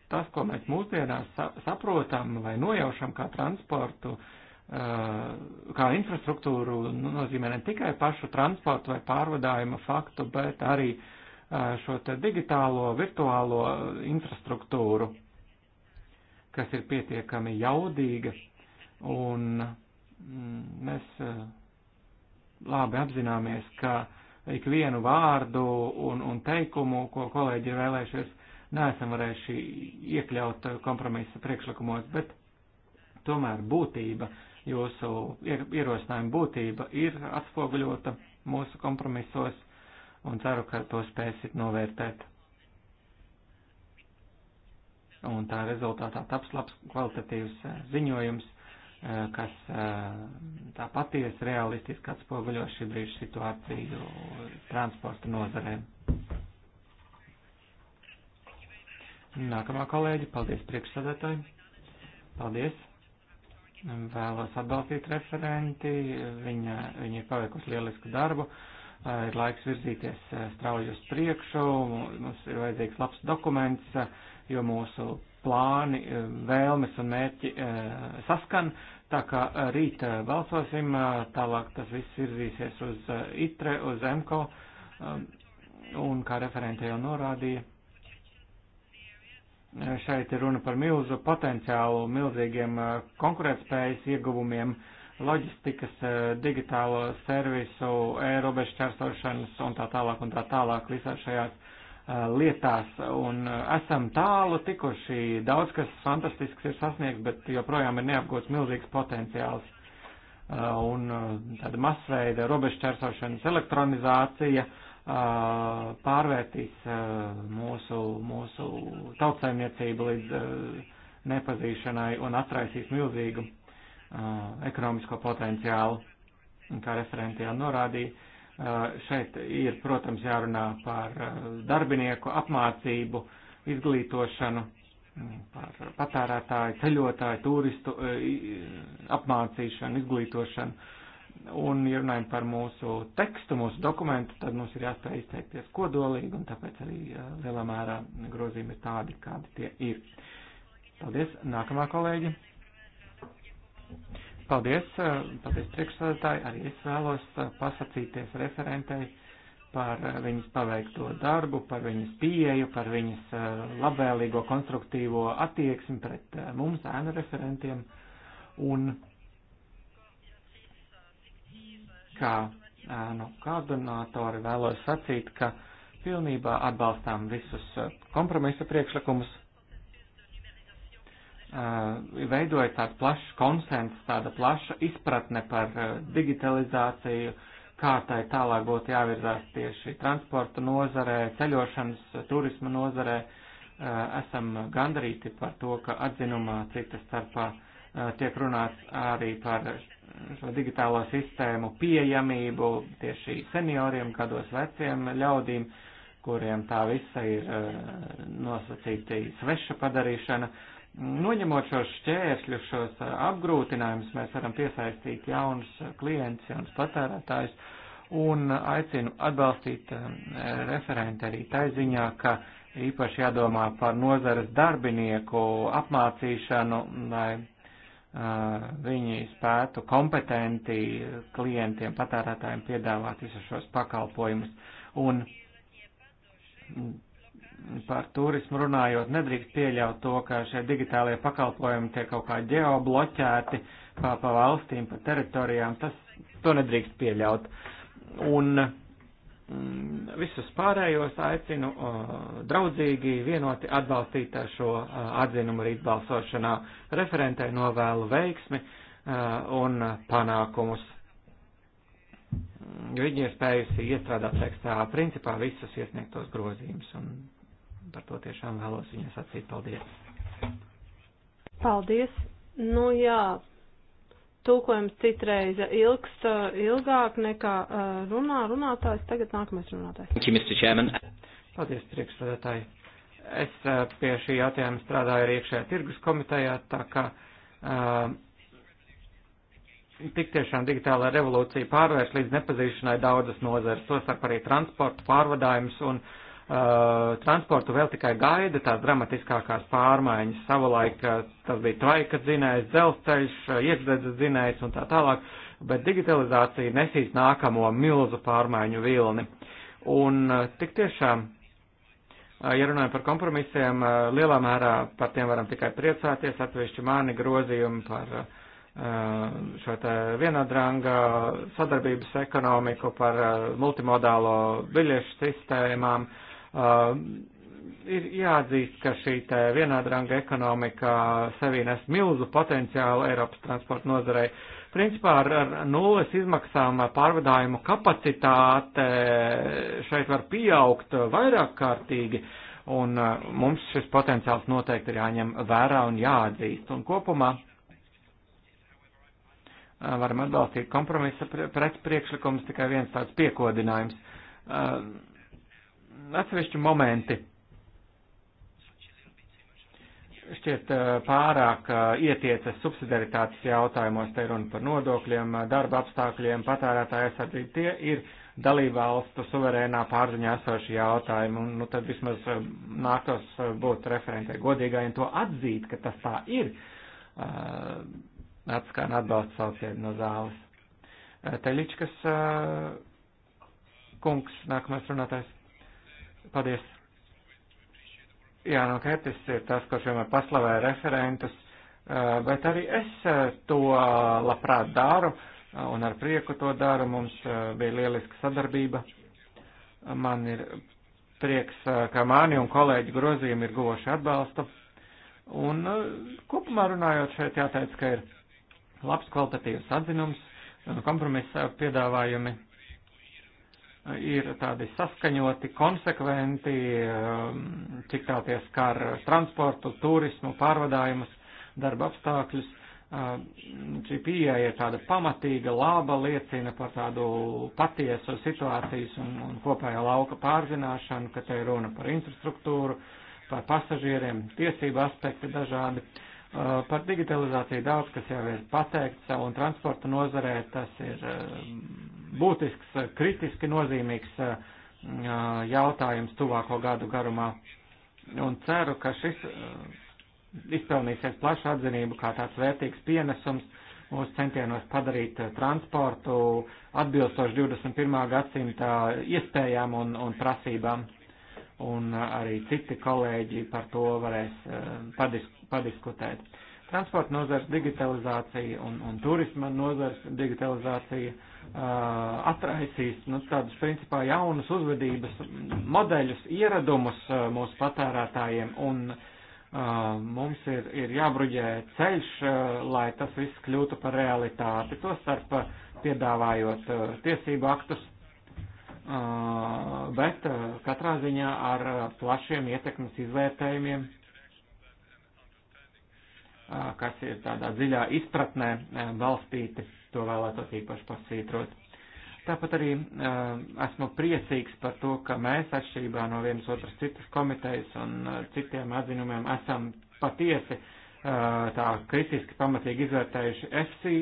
tas, ko mēs mūsdienās saprotam vai nojaušam kā transportu, uh, Eh, kā infrastruktūru nu, nozīmē ne tikai pašu transportu vai pārvadājuma faktu, bet arī eh, šo te digitālo, virtuālo eh, infrastruktūru, kas ir pietiekami jaudīga, un mm, mēs labi apzināmies, ka ikvienu vārdu un, un teikumu, ko kolēģi ir vēlējušies, neesam varējuši iekļaut kompromisa priekšlikumos, bet tomēr būtība uh, Jūsu ierosinājuma būtība ir atspoguļota mūsu kompromisos un ceru, ka to spēsit novērtēt. Un tā rezultātā taps labs kvalitatīvs eh, ziņojums, eh, kas eh, tā patiesi realistiski atspoguļo šī brīža situāciju transporta nozarē. Nākamā kolēģi, paldies priekšsēdētāji. Paldies. Vēlos atbalstīt referenti, viņa, viņa ir paveikusi lielisku darbu, ir laiks virzīties strauji uz priekšu, mums ir vajadzīgs labs dokuments, jo mūsu plāni, vēlmes un mērķi saskan, tā kā rīt balsosim, tālāk tas viss virzīsies uz ITRE, uz EMCO, un kā referente jau norādīja Eh, šeit ir runa par milzu potenciālu, milzīgiem eh, konkurētspējas ieguvumiem, loģistikas, eh, digitālo servisu, e-robežu čērsošanas un tā tālāk un tā tālāk visā šajās lietās. Un esam tālu tikuši, daudz kas fantastisks ir sasniegts, bet joprojām ir neapgūts milzīgs potenciāls. Un tāda masveida robežu čērsošanas elektronizācija, uh, pārvērtīs mūsu, mūsu tautsaimniecību līdz nepazīšanai un atraisīs milzīgu ekonomisko potenciālu, kā referenti jau norādīja. Šeit ir, protams, jārunā par darbinieku apmācību, izglītošanu, par patērētāju, ceļotāju, turistu apmācīšanu, izglītošanu Un, ja runājam par mūsu tekstu, mūsu dokumentu, tad mums ir jāspēj izteikties kodolīgi, un tāpēc arī lielā mērā grozījumi ir tādi, kādi tie ir. Paldies, nākamā kolēģi. Paldies, paldies priekšsādātāji, arī es vēlos pasacīties referentei par viņas paveikto darbu, par viņas pieeju, par viņas labvēlīgo konstruktīvo attieksmi pret mums, ēnu referentiem. Un kā nu, kārdinātori vēlos sacīt, ka pilnībā atbalstām visus kompromisa priekšlikumus, veidojas tāds plašs konsens, tāda plaša izpratne par digitalizāciju, kā tai tālāk būtu jāvirzās tieši transporta nozarē, ceļošanas, turisma nozarē. Esam gandarīti par to, ka atzinumā citas starpā tiek runāts arī par šo digitālo sistēmu pieejamību tieši senioriem, kādos veciem ļaudīm, kuriem tā visa ir eh, nosacīta sveša padarīšana. Noņemot šos šķēršļus, šos eh, apgrūtinājumus, mēs varam piesaistīt jaunus klientus, jaunus patērētājus un aicinu atbalstīt eh, referenti arī tai ziņā, ka īpaši jādomā par nozares darbinieku apmācīšanu, lai viņi spētu kompetenti klientiem, patērētājiem piedāvāt visus šos pakalpojumus. Un par turismu runājot, nedrīkst pieļaut to, ka šie digitālie pakalpojumi tiek kaut kā ģeobloķēti pa, pa valstīm, pa teritorijām. Tas, to nedrīkst pieļaut. Un uh, Mm, visus pārējos aicinu draudzīgi vienoti atbalstīt šo atzinumu rīt balsošanā. Referentai novēlu veiksmi un panākumus. Mm, viņi ir spējusi iestrādāt tekstā principā visus iesniegtos grozījumus un par to tiešām vēlos viņai sacīt paldies. Paldies. Nu jā, Tūkojums citreiz ilgst uh, ilgāk nekā uh, runā runātājs. Tagad nākamais runātājs. Paldies, priekšsēdētāji. Es uh, pie šī jautājuma strādāju arī iekšējā tirgus komitejā, tā kā uh, tik tiešām digitālā revolūcija pārvērš līdz nepazīšanai daudzas nozares, tostarp arī transportu, pārvadājumus un uh, Eh, transportu vēl tikai gaida tās dramatiskākās pārmaiņas. Savulaik eh, tas bija tvaika dzinējs, dzelzceļš, eh, iekšdedzes dzinējs un tā tālāk, bet digitalizācija nesīs nākamo milzu pārmaiņu vilni. Un tik tiešām, ja runājam par kompromisiem, lielā mērā par tiem varam tikai priecāties, atsevišķi mani grozījumi par šo te vienadranga sadarbības ekonomiku, par multimodālo biļešu sistēmām, uh, Uh, ir jāatzīst, ka šī vienādranga ekonomika sevī nes milzu potenciālu Eiropas transporta nozarei. Principā ar, ar nulles izmaksām pārvadājumu kapacitāte šeit var pieaugt vairāk kārtīgi, un uh, mums šis potenciāls noteikti ir jāņem vērā un jāatzīst. Un kopumā uh, varam atbalstīt kompromisa pret priekšlikumus, tikai viens tāds piekodinājums. Uh, atsevišķi momenti šķiet eh, pārāk eh, ietiecas subsidiaritātes jautājumos, te runa par nodokļiem, eh, darba apstākļiem, patērētāju aizsardzību. Tie ir dalībvalstu suverēnā pārziņā esoši jautājumi, un nu, tad vismaz nākos būt referentai godīgai un to atzīt, ka tas tā ir. Atskan atbalsts sauciet no zāles. Teļičkas kungs, nākamais runātājs. Paldies. Jā, nu, Ketis ir tas, kurš vienmēr paslavē referentus, bet arī es to labprāt daru un ar prieku to daru. Mums bija lieliska sadarbība. Man ir prieks, ka mani un kolēģi grozījumi ir guvoši atbalstu. Un kopumā runājot šeit jāteic, ka ir labs kvalitatīvs atzinums, kompromisa piedāvājumi ir tādi saskaņoti, konsekventi, um, cik tā tie skar transportu, turismu, pārvadājumus, darba apstākļus. Um, šī pieeja ir tāda pamatīga, laba, liecina par tādu patiesu situācijas un, un kopējā lauka pārzināšanu, ka te ir runa par infrastruktūru, par pasažieriem, tiesību aspekti dažādi. Uh, par digitalizāciju daudz, kas jau ir pateikts, un transporta nozarē tas ir um, būtisks, eh, kritiski nozīmīgs eh, eh, jautājums tuvāko gadu garumā. Un ceru, ka šis izpelnīsies plašu atzinību kā tāds vērtīgs pienesums mūsu centienos padarīt transportu atbilstoši 21. gadsimta iespējām un, un prasībām. Un arī citi kolēģi par to varēs padisk, padiskutēt. Transporta nozars digitalizācija un, un turisma nozars digitalizācija Uh, atraisīs nu, tādus principā jaunus uzvedības modeļus, ieradumus uh, mūsu patērētājiem, un uh, mums ir, ir jābruģē ceļš, uh, lai tas viss kļūtu par realitāti, to starp uh, piedāvājot uh, tiesību aktus, bet katrā ziņā ar plašiem ietekmes izvērtējumiem kas ir tādā dziļā izpratnē balstīti. To vēlētos īpaši pasvītrot. Tāpat arī uh, esmu priecīgs par to, ka mēs atšķirībā no vienas otras citas komitejas un uh, citiem atzinumiem esam patiesi uh, tā kritiski pamatīgi izvērtējuši EFSI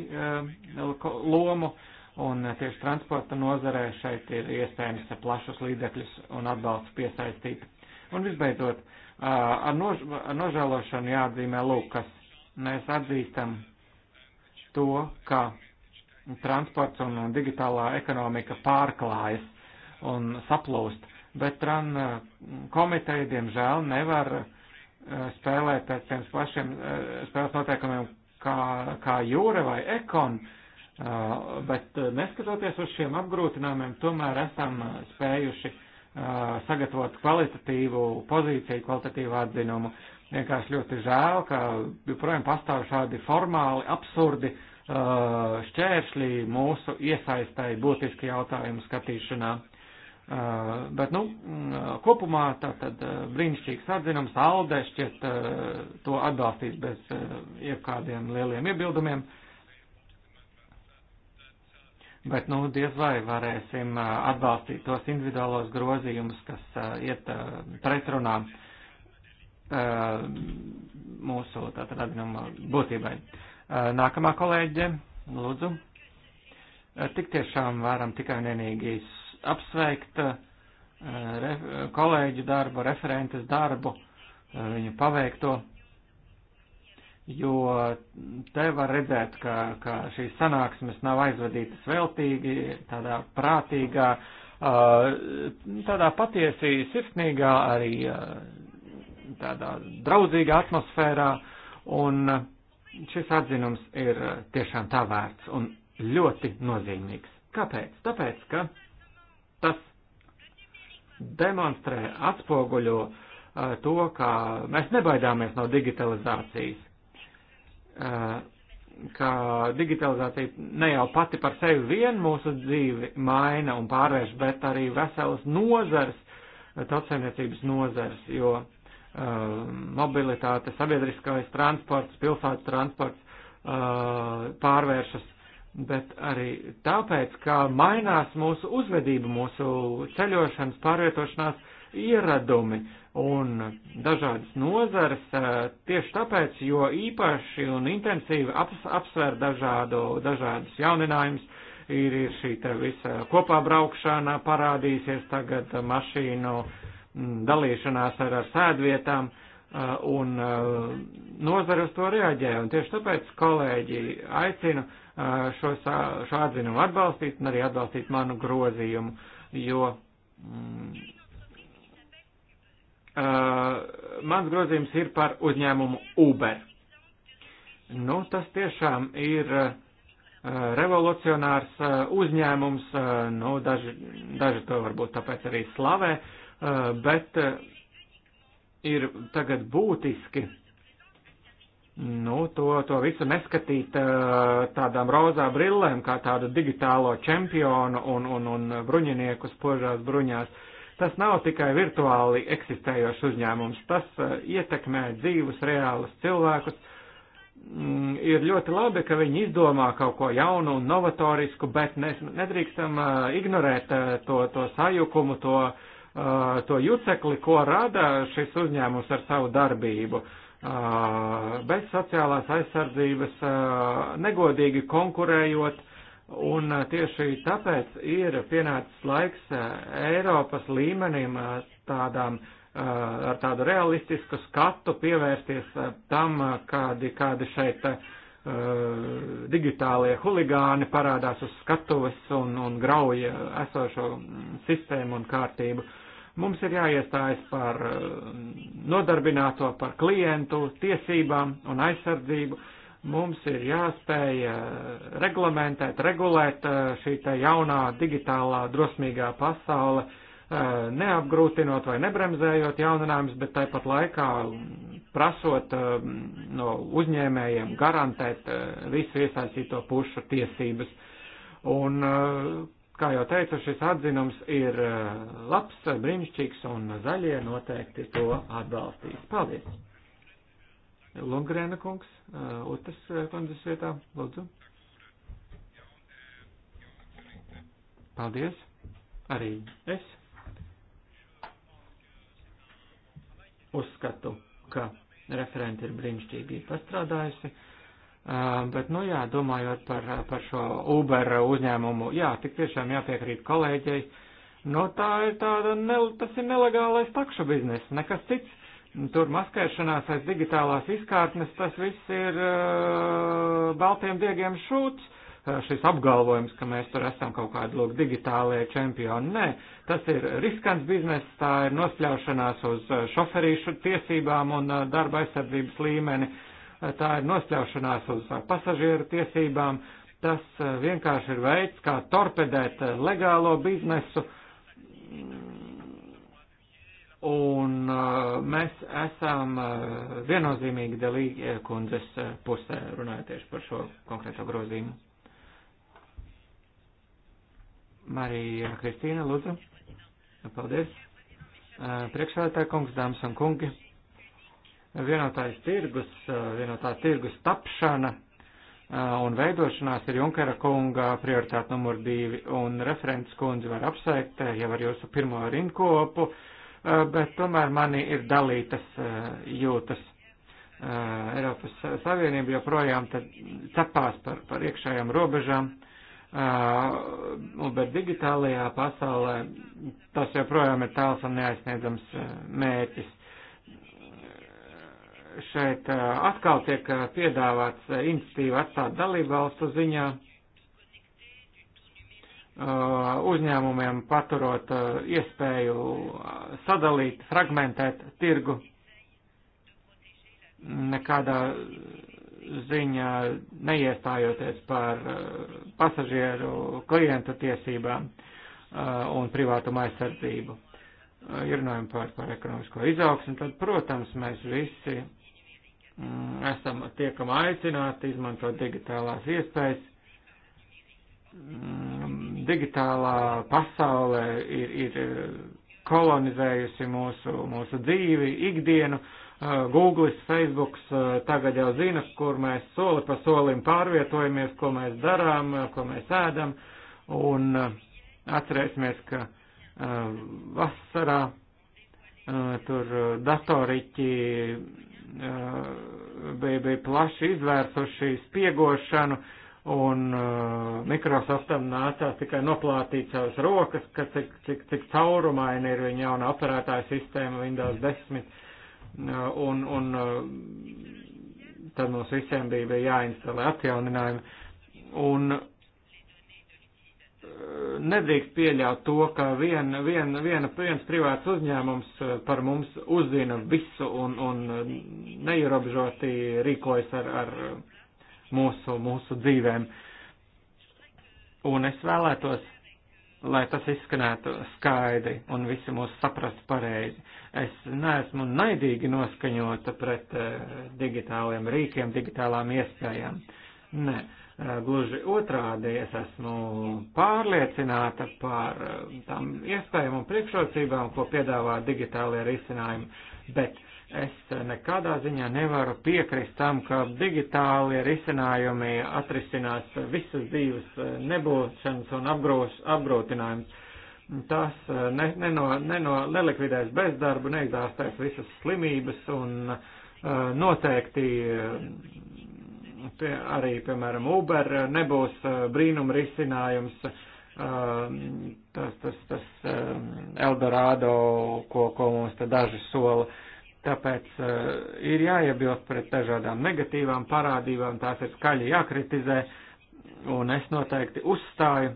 uh, lomu, un tieši transporta nozarē šeit ir iespējams plašus līdzekļus un atbalstu piesaistīt. Un visbeidzot, uh, ar, nož ar nožēlošanu jāatzīmē lūkas. Mēs atzīstam to, ka transports un digitālā ekonomika pārklājas un saplūst, bet tran eh, komiteja, diemžēl, nevar eh, spēlēt pēc tiem pašiem eh, spēles noteikumiem kā, kā jūra vai ekon, bet neskatoties uz šiem apgrūtinājumiem, tomēr esam spējuši sagatavot kvalitatīvu pozīciju, kvalitatīvu atzinumu. Vienkārši ļoti žēl, ka joprojām pastāv šādi formāli absurdi uh, Uh, šķēršļi mūsu iesaistai būtiski jautājumu skatīšanā. Uh, bet, nu, mm, kopumā tā tad uh, brīnišķīgs atzinums, Alde šķiet to atbalstīs bez jebkādiem lieliem iebildumiem. Bet, nu, diez vai varēsim atbalstīt tos individuālos grozījumus, kas iet pretrunā mūsu tātad atzinuma būtībai. Nākamā kolēģe, lūdzu. Tik tiešām varam tikai un vienīgi apsveikt kolēģu darbu, referentes darbu, viņu paveikto, jo te var redzēt, ka, ka šīs sanāksmes nav aizvadītas veltīgi, tādā prātīgā, tādā patiesi sirsnīgā, arī tādā draudzīgā atmosfērā. Un uh, Šis atzinums ir eh, tiešām tā vērts un ļoti nozīmīgs. Kāpēc? Tāpēc, ka tas demonstrē, atspoguļo eh, to, ka mēs nebaidāmies no digitalizācijas, eh, ka digitalizācija ne jau pati par sevi vien mūsu dzīvi maina un pārvērš, bet arī veselas nozars, tautsēmniecības nozars, jo Uh, mobilitāte, sabiedriskais transports, pilsētas transports uh, pārvēršas, bet arī tāpēc, ka mainās mūsu uzvedība, mūsu ceļošanas, pārvietošanās ieradumi un dažādas nozares uh, tieši tāpēc, jo īpaši un intensīvi aps, apsver dažādu, dažādus jauninājumus. Ir, ir šī te visa kopā braukšana, parādīsies tagad mašīnu Mm, dalīšanās ar, ar sēdvietām uh, un uh, nozare uz to reaģē. Un tieši tāpēc kolēģi aicinu uh, šo, šo atzinumu atbalstīt un arī atbalstīt manu grozījumu, jo mm, mans grozījums ir par uzņēmumu Uber. Nu, tas tiešām ir revolucionārs uzņēmums, nu, daži, daži to varbūt tāpēc arī slavē, uh, Eh, bet eh, ir tagad būtiski nu, to, to visu neskatīt eh, tādām rozā brillēm, kā tādu digitālo čempionu un, un, un bruņinieku spožās bruņās. Tas nav tikai virtuāli eksistējošs uzņēmums, tas ietekmē dzīvus reālus cilvēkus. Mm, ir ļoti labi, ka viņi izdomā kaut ko jaunu un novatorisku, bet nedrīkstam ignorēt to, to sajukumu, to uh, Uh, to jucekli, ko rada šis uzņēmums ar savu darbību. Uh, bez sociālās aizsardzības, uh, negodīgi konkurējot, un tieši tāpēc ir pienācis laiks Eiropas līmenim tādām ar tādu realistisku skatu pievērsties tam, kādi, kādi šeit uh, digitālie huligāni parādās uz skatuves un, un grauja esošo sistēmu un kārtību. Uh, Mums ir jāiestājas par eh, nodarbināto, par klientu tiesībām un aizsardzību. Mums ir jāspēj eh, reglamentēt, regulēt eh, šī te jaunā digitālā drosmīgā pasaule, neapgrūtinot vai nebremzējot jauninājumus, bet tāpat laikā prasot no uzņēmējiem garantēt visu iesaistīto pušu tiesības. Un kā jau teicu, šis atzinums ir eh, labs, brīnišķīgs un zaļie noteikti to atbalstīs. Paldies! Lungrēna kungs, eh, Utas eh, kundzes vietā, lūdzu. Paldies! Arī es uzskatu, ka referenti ir brīnišķīgi pastrādājusi Bet, nu jā, domājot par, par šo Uber uzņēmumu, jā, tik tiešām jāpiekrīt kolēģei. Nu, tā ir tāda, ne, tas ir nelegālais takšu bizness, nekas cits. Tur maskēšanās aiz digitālās izkārtnes, tas viss ir uh, baltiem diegiem šūts. Uh, šis apgalvojums, ka mēs tur esam kaut kādi, lūk, digitālie čempioni, nē, tas ir riskants biznes, tā ir nospļaušanās uz šoferīšu tiesībām un uh, darba aizsardzības līmeni. Uh, tā ir nospļaušanās uz pasažieru tiesībām, tas eh, vienkārši ir veids, kā torpedēt eh, legālo biznesu. Un eh, mēs esam viennozīmīgi Delīgie kundzes pusē runājot tieši par šo konkrēto grozījumu. Marija Kristīna, lūdzu. Paldies. Priekšsēdētāji kungs, dāmas un kungi Vienotājs tirgus, eh, vienotā tirgus tapšana eh, un veidošanās ir Junkera kunga prioritāte numur divi, un referents kundze var apsveikt eh, jau ar jūsu pirmo rinkopu, bet tomēr mani ir dalītas jūtas. Eiropas Savienība joprojām cepās par, par iekšējām robežām, bet digitālajā pasaulē tas joprojām ir tāls un neaizsniedzams mērķis šeit atkal tiek piedāvāts iniciatīva atstāt dalībvalstu ziņā uzņēmumiem paturot iespēju sadalīt, fragmentēt tirgu. Nekādā ziņā neiestājoties par pasažieru klientu tiesībām un privātuma aizsardzību. Ja runājam par, par ekonomisko izaugsmu, tad, protams, mēs visi Mm, esam tiekam aicināti izmantot digitālās iespējas. Mm, digitālā pasaule ir, ir eh, kolonizējusi mūsu, mūsu dzīvi, ikdienu. Eh, Google, Facebook eh, tagad jau zina, kur mēs soli pa solim pārvietojamies, ko mēs darām, ko mēs ēdam. Un atcerēsimies, ka vasarā tur datoriķi bija, bija plaši izvērsuši spiegošanu, un uh, mikrosoftam nācās tikai noplātīt savas rokas, ka cik, cik, cik caurumaina ir viņa jauna operētāja sistēma Windows 10, uh, un, un uh, tad mums visiem bija, bija jāinstalē atjauninājumi. Un, nedrīkst pieļaut to, ka vien, vien, viena, viens privāts uzņēmums eh, par mums uzzina visu un, un eh, neierobežoti rīkojas ar, ar eh, mūsu, mūsu dzīvēm. Un es vēlētos, lai tas izskanētu skaidri un visi mūs saprast pareizi. Es neesmu naidīgi noskaņota pret digitāliem rīkiem, digitālām iespējām. Nē. Ne Eh, gluži otrādi es esmu pārliecināta par eh, tām iespējām un priekšrocībām, ko piedāvā digitālajie risinājumi, bet es nekādā ziņā nevaru piekrist tam, ka digitālie risinājumi atrisinās visas dzīves eh, nebūšanas un apgrūs, apgrūtinājumus. Tas ne, neno, neno, nelikvidēs bezdarbu, neizdāstēs visas slimības un noteikti pie, arī, piemēram, Uber eh, nebūs eh, brīnuma risinājums, eh, tas, tas, tas Eldorado, ko, ko mums te daži sola. Tāpēc ir jāiebilst pret dažādām negatīvām parādībām, tās ir skaļi jākritizē, un es noteikti uzstāju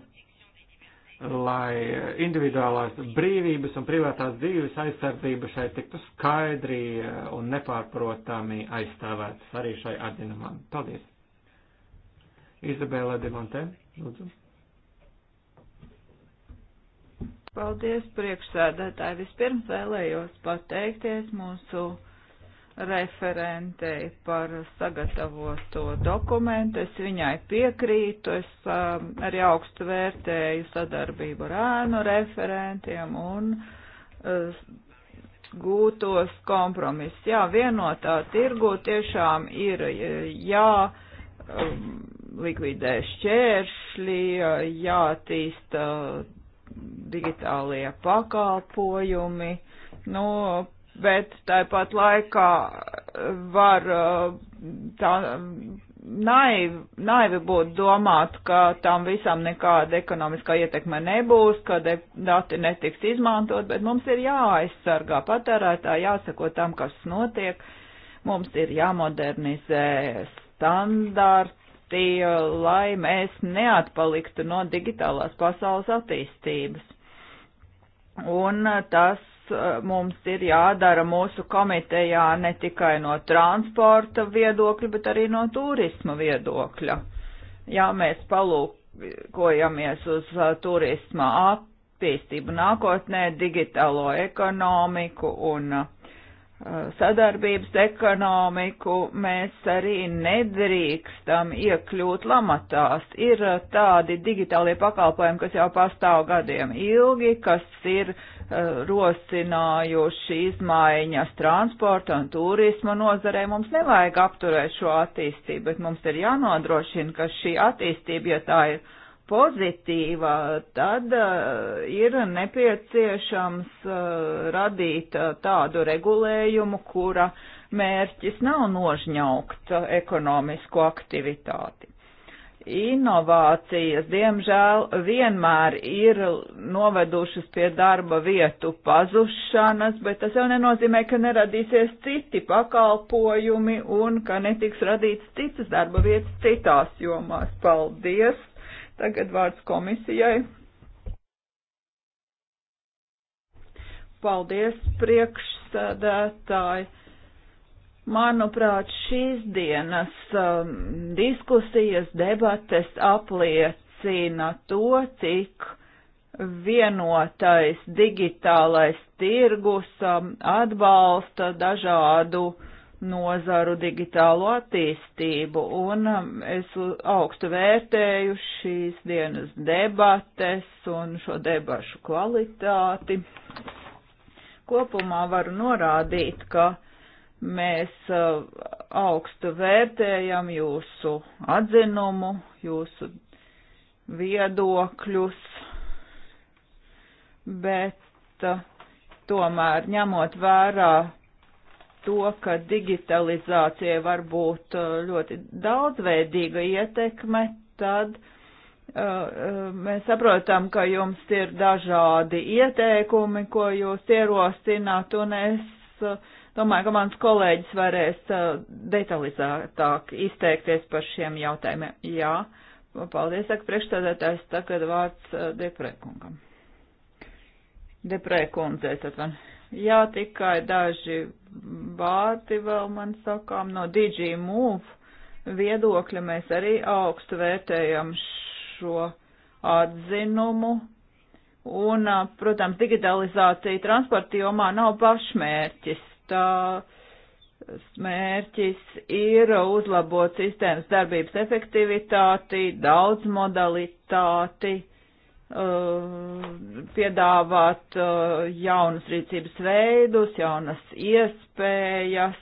lai individuālās brīvības un privātās dzīves aizsardzība šeit tiktu skaidri eh, un nepārprotami aizstāvētas arī šai atzinumā. Paldies! Izabela Demontē, lūdzu. Paldies, priekšsēdētāji. Vispirms vēlējos pateikties mūsu referentei par sagatavoto dokumentu. Es viņai piekrītu, es um, arī augstu vērtēju sadarbību ar ēnu referentiem un uh, gūtos kompromiss. Jā, vienotā tirgu tiešām ir jā. Um, likvidē šķēršļi, jātīsta uh, digitālie pakalpojumi. Nu, no, bet tāpat laikā var eh, tā naivi, naivi būt domāt, ka tam visam nekāda ekonomiskā ietekme nebūs, ka dati netiks izmantot, bet mums ir jāaizsargā patērētāji, jāsako tam, kas notiek, mums ir jāmodernizē standarti, lai mēs neatpaliktu no digitālās pasaules attīstības. Un tas Uh, mums ir jādara mūsu komitejā ne tikai no transporta viedokļa, bet arī no turisma viedokļa. Ja mēs palūkojamies uz uh, turisma attīstību nākotnē, digitālo ekonomiku un uh, sadarbības ekonomiku mēs arī nedrīkstam iekļūt lamatās. Ir uh, tādi digitālie pakalpojumi, kas jau pastāv gadiem ilgi, kas ir uh, rosinājuši izmaiņas transporta un turisma nozarē. Mums nevajag apturēt šo attīstību, bet mums ir jānodrošina, ka šī attīstība, ja tā ir pozitīva, tad eh, ir nepieciešams eh, radīt eh, tādu regulējumu, kura mērķis nav nožņaukt ekonomisko aktivitāti. Inovācijas, diemžēl, vienmēr ir novedušas pie darba vietu pazušanas, bet tas jau nenozīmē, ka neradīsies citi pakalpojumi un ka netiks radīts citas darba vietas citās jomās. Paldies! Tagad vārds komisijai. Paldies, priekšsēdētāji. Manuprāt, šīs dienas um, diskusijas, debates apliecina to, cik vienotais digitālais tirgus um, atbalsta dažādu uh, nozaru digitālo attīstību, un um, es augstu vērtēju šīs dienas debates un šo debašu kvalitāti. Kopumā varu norādīt, ka mēs uh, augstu vērtējam jūsu atzinumu, jūsu viedokļus, bet uh, tomēr ņemot vērā to, ka digitalizācija var būt uh, ļoti daudzveidīga ietekme, tad uh, uh, mēs saprotam, ka jums ir dažādi ieteikumi, ko jūs ierosināt, un es uh, domāju, ka mans kolēģis varēs uh, detalizētāk izteikties par šiem jautājumiem. Jā, paldies, saka priekšstādētājs, tagad vārds uh, deprēkungam. Deprēkundze, atvan. Jā, tikai daži vārti vēl man sakām no DigiMove viedokļa. Mēs arī augstu vērtējam šo atzinumu. Un, protams, digitalizācija transporta jomā nav pašmērķis. Tā mērķis ir uzlabot sistēmas darbības efektivitāti, daudzmodalitāti Uh, piedāvāt uh, jaunus rīcības veidus, jaunas iespējas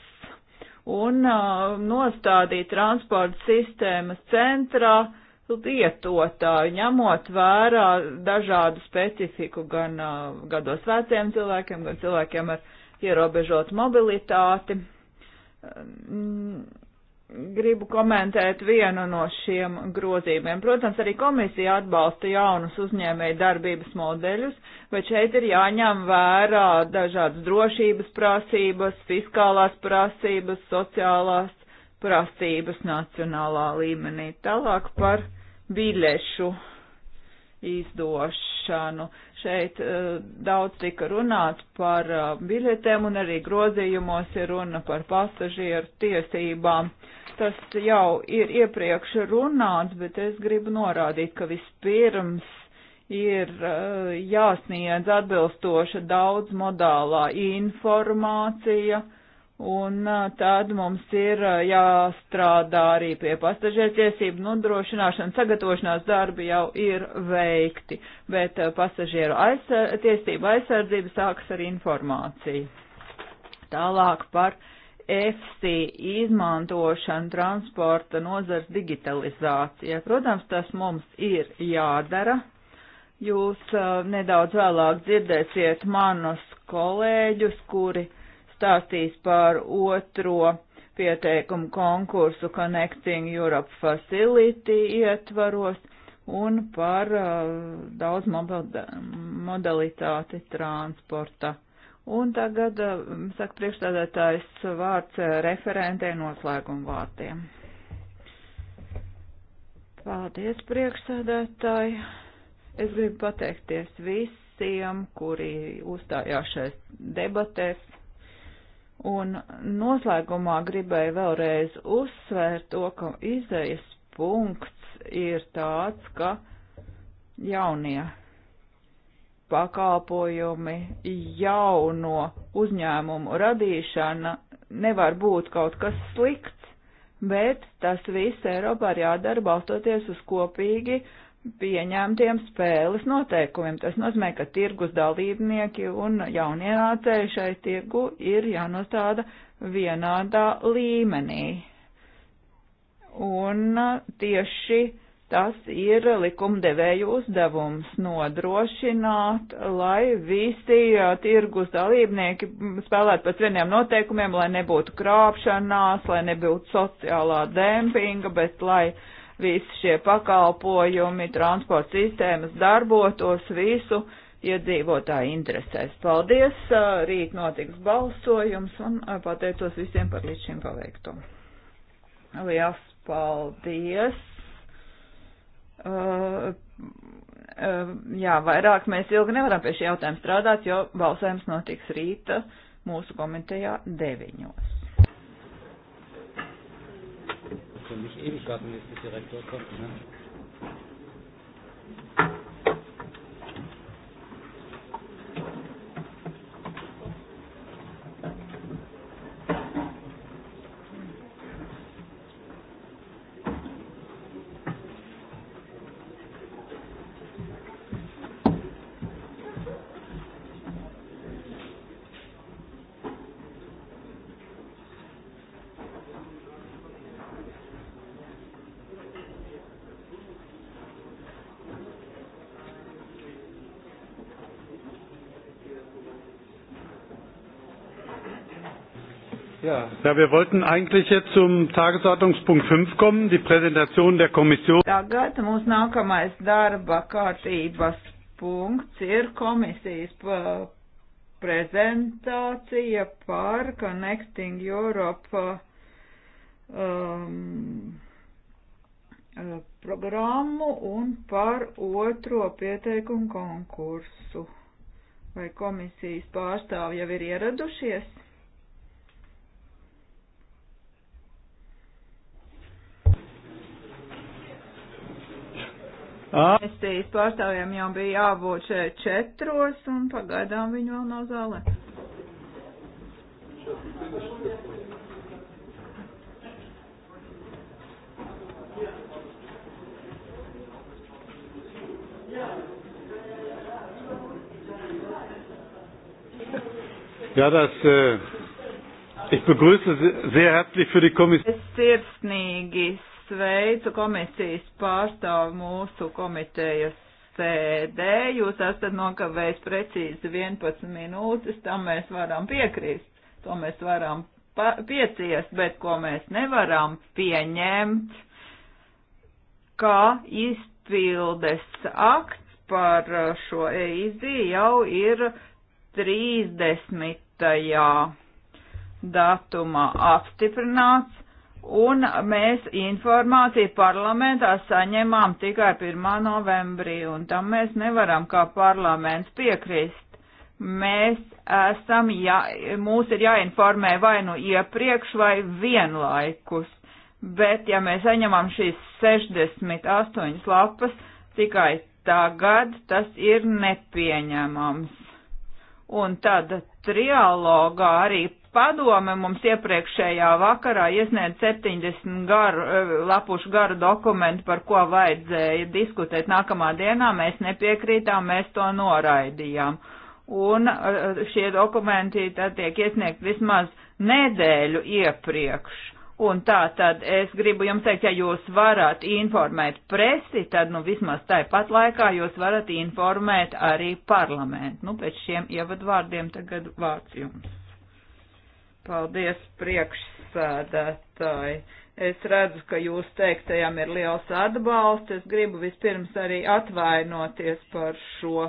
un uh, nostādīt transporta sistēmas centrā lietotāju, ņemot vērā dažādu specifiku gan gados veciem cilvēkiem, gan cilvēkiem ar ierobežotu mobilitāti um, gribu komentēt vienu no šiem grozījumiem. Protams, arī komisija atbalsta jaunus uzņēmēju darbības modeļus, bet šeit ir jāņem vērā dažādas drošības prasības, fiskālās prasības, sociālās prasības nacionālā līmenī. Tālāk par biļešu izdošanu. Uh, Šeit eh, daudz tika runāts par eh, biļetēm un arī grozījumos ir runa par pasažieru tiesībām. Tas jau ir iepriekš runāts, bet es gribu norādīt, ka vispirms ir eh, jāsniedz atbilstoša daudz modālā informācija Un tad mums ir jāstrādā arī pie pasažiertiesību nodrošināšanas, sagatavošanās darbi jau ir veikti, bet pasažieru aizsar tiesību aizsardzība sākas ar informāciju. Tālāk par EFSI izmantošanu transporta nozars digitalizācijā. Protams, tas mums ir jādara. Jūs uh, nedaudz vēlāk dzirdēsiet manus kolēģus, kuri stāstīs par otro pieteikumu konkursu Connecting Europe Facility ietvaros un par uh, daudz modalitāti transporta. Un tagad, uh, saka priekšstādētājs, vārds referentē noslēguma vārdiem. Paldies, priekšsēdētāji. Es gribu pateikties visiem, kuri uzstājās šais debatēs Un noslēgumā gribēju vēlreiz uzsvērt to, ka izējas punkts ir tāds, ka jaunie pakalpojumi, jauno uzņēmumu radīšana nevar būt kaut kas slikts, bet tas viss Eiropā ir jādara balstoties uz kopīgi uh, pieņemtiem spēles noteikumiem. Tas nozīmē, ka tirgus dalībnieki un jaunienācēji šai tirgu ir jānostāda vienādā līmenī. Un tieši tas ir likumdevēju uzdevums nodrošināt, lai visi tirgus dalībnieki spēlētu pēc vieniem noteikumiem, lai nebūtu krāpšanās, lai nebūtu sociālā dempinga, bet lai uh, visi šie pakalpojumi, transporta sistēmas darbotos visu iedzīvotāju interesēs. Paldies, rīt notiks balsojums un pateicos visiem par līdz šim paveikto. Lielas paldies! Uh, uh, jā, vairāk mēs ilgi nevaram pie šī jautājuma strādāt, jo balsojums notiks rīta mūsu komitejā deviņos. für mich Ewigkeiten, bis der Direktor kommt. Ne? Ja, wir wollten eigentlich jetzt zum Tagesordnungspunkt 5 kommen, die Präsentation der Kommission. Tagad mūsu nākamais darba kārtības punkts ir komisijas prezentācija par Connecting Europe um, uh, programmu un par otro pieteikumu konkursu. Vai komisijas pārstāvji jau ir ieradušies? Amnestijas ah. pārstāvjiem jau bija jābūt šeit četros, un pagaidām viņi vēl nav zālē. Ja, das, äh, ich begrüße sehr herzlich für die Kommission. Es sirsnīgi sveicu komisijas pārstāvu mūsu komitejas sēdē. Jūs esat nokavējis precīzi 11 minūtes, tam mēs varam piekrist, to mēs varam pieciest, bet ko mēs nevaram pieņemt, kā izpildes akts par šo EIZ jau ir 30. datumā apstiprināts un mēs informāciju parlamentā saņemām tikai 1. novembrī, un tam mēs nevaram kā parlaments piekrist. Mēs esam, jā, mūs ir jāinformē vai nu iepriekš vai vienlaikus, bet ja mēs saņemam šīs 68 lapas tikai tagad, tas ir nepieņemams Un tad trialogā arī padome mums iepriekšējā vakarā iesniedz 70 garu, eh, lapušu garu dokumentu, par ko vajadzēja diskutēt nākamā dienā. Mēs nepiekrītām, mēs to noraidījām. Un eh, šie dokumenti tad tiek iesniegt vismaz nedēļu iepriekš. Un tā tad es gribu jums teikt, ja jūs varat informēt presi, tad nu vismaz tāpat laikā jūs varat informēt arī parlamentu. Nu, pēc šiem ievadvārdiem tagad vārds jums. Paldies, priekšsēdētāji. Es redzu, ka jūs teiktajam ir liels atbalsts. Es gribu vispirms arī atvainoties par šo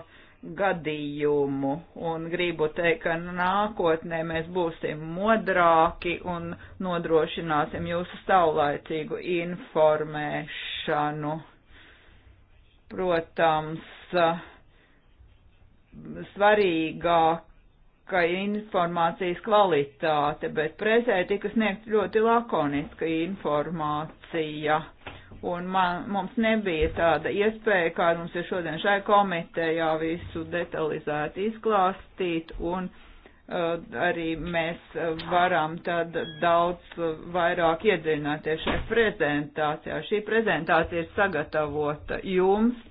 gadījumu. Un gribu teikt, ka nākotnē mēs būsim modrāki un nodrošināsim jūsu saulaicīgu informēšanu. Protams, svarīgāk ka informācijas kvalitāte, bet presē tika sniegt ļoti lakoniska informācija un man, mums nebija tāda iespēja, kāda mums ir šodien šai komitejā, visu detalizēti izklāstīt, un uh, arī mēs uh, varam tad daudz uh, vairāk iedziļināties šajā prezentācijā. Šī prezentācija ir sagatavota jums,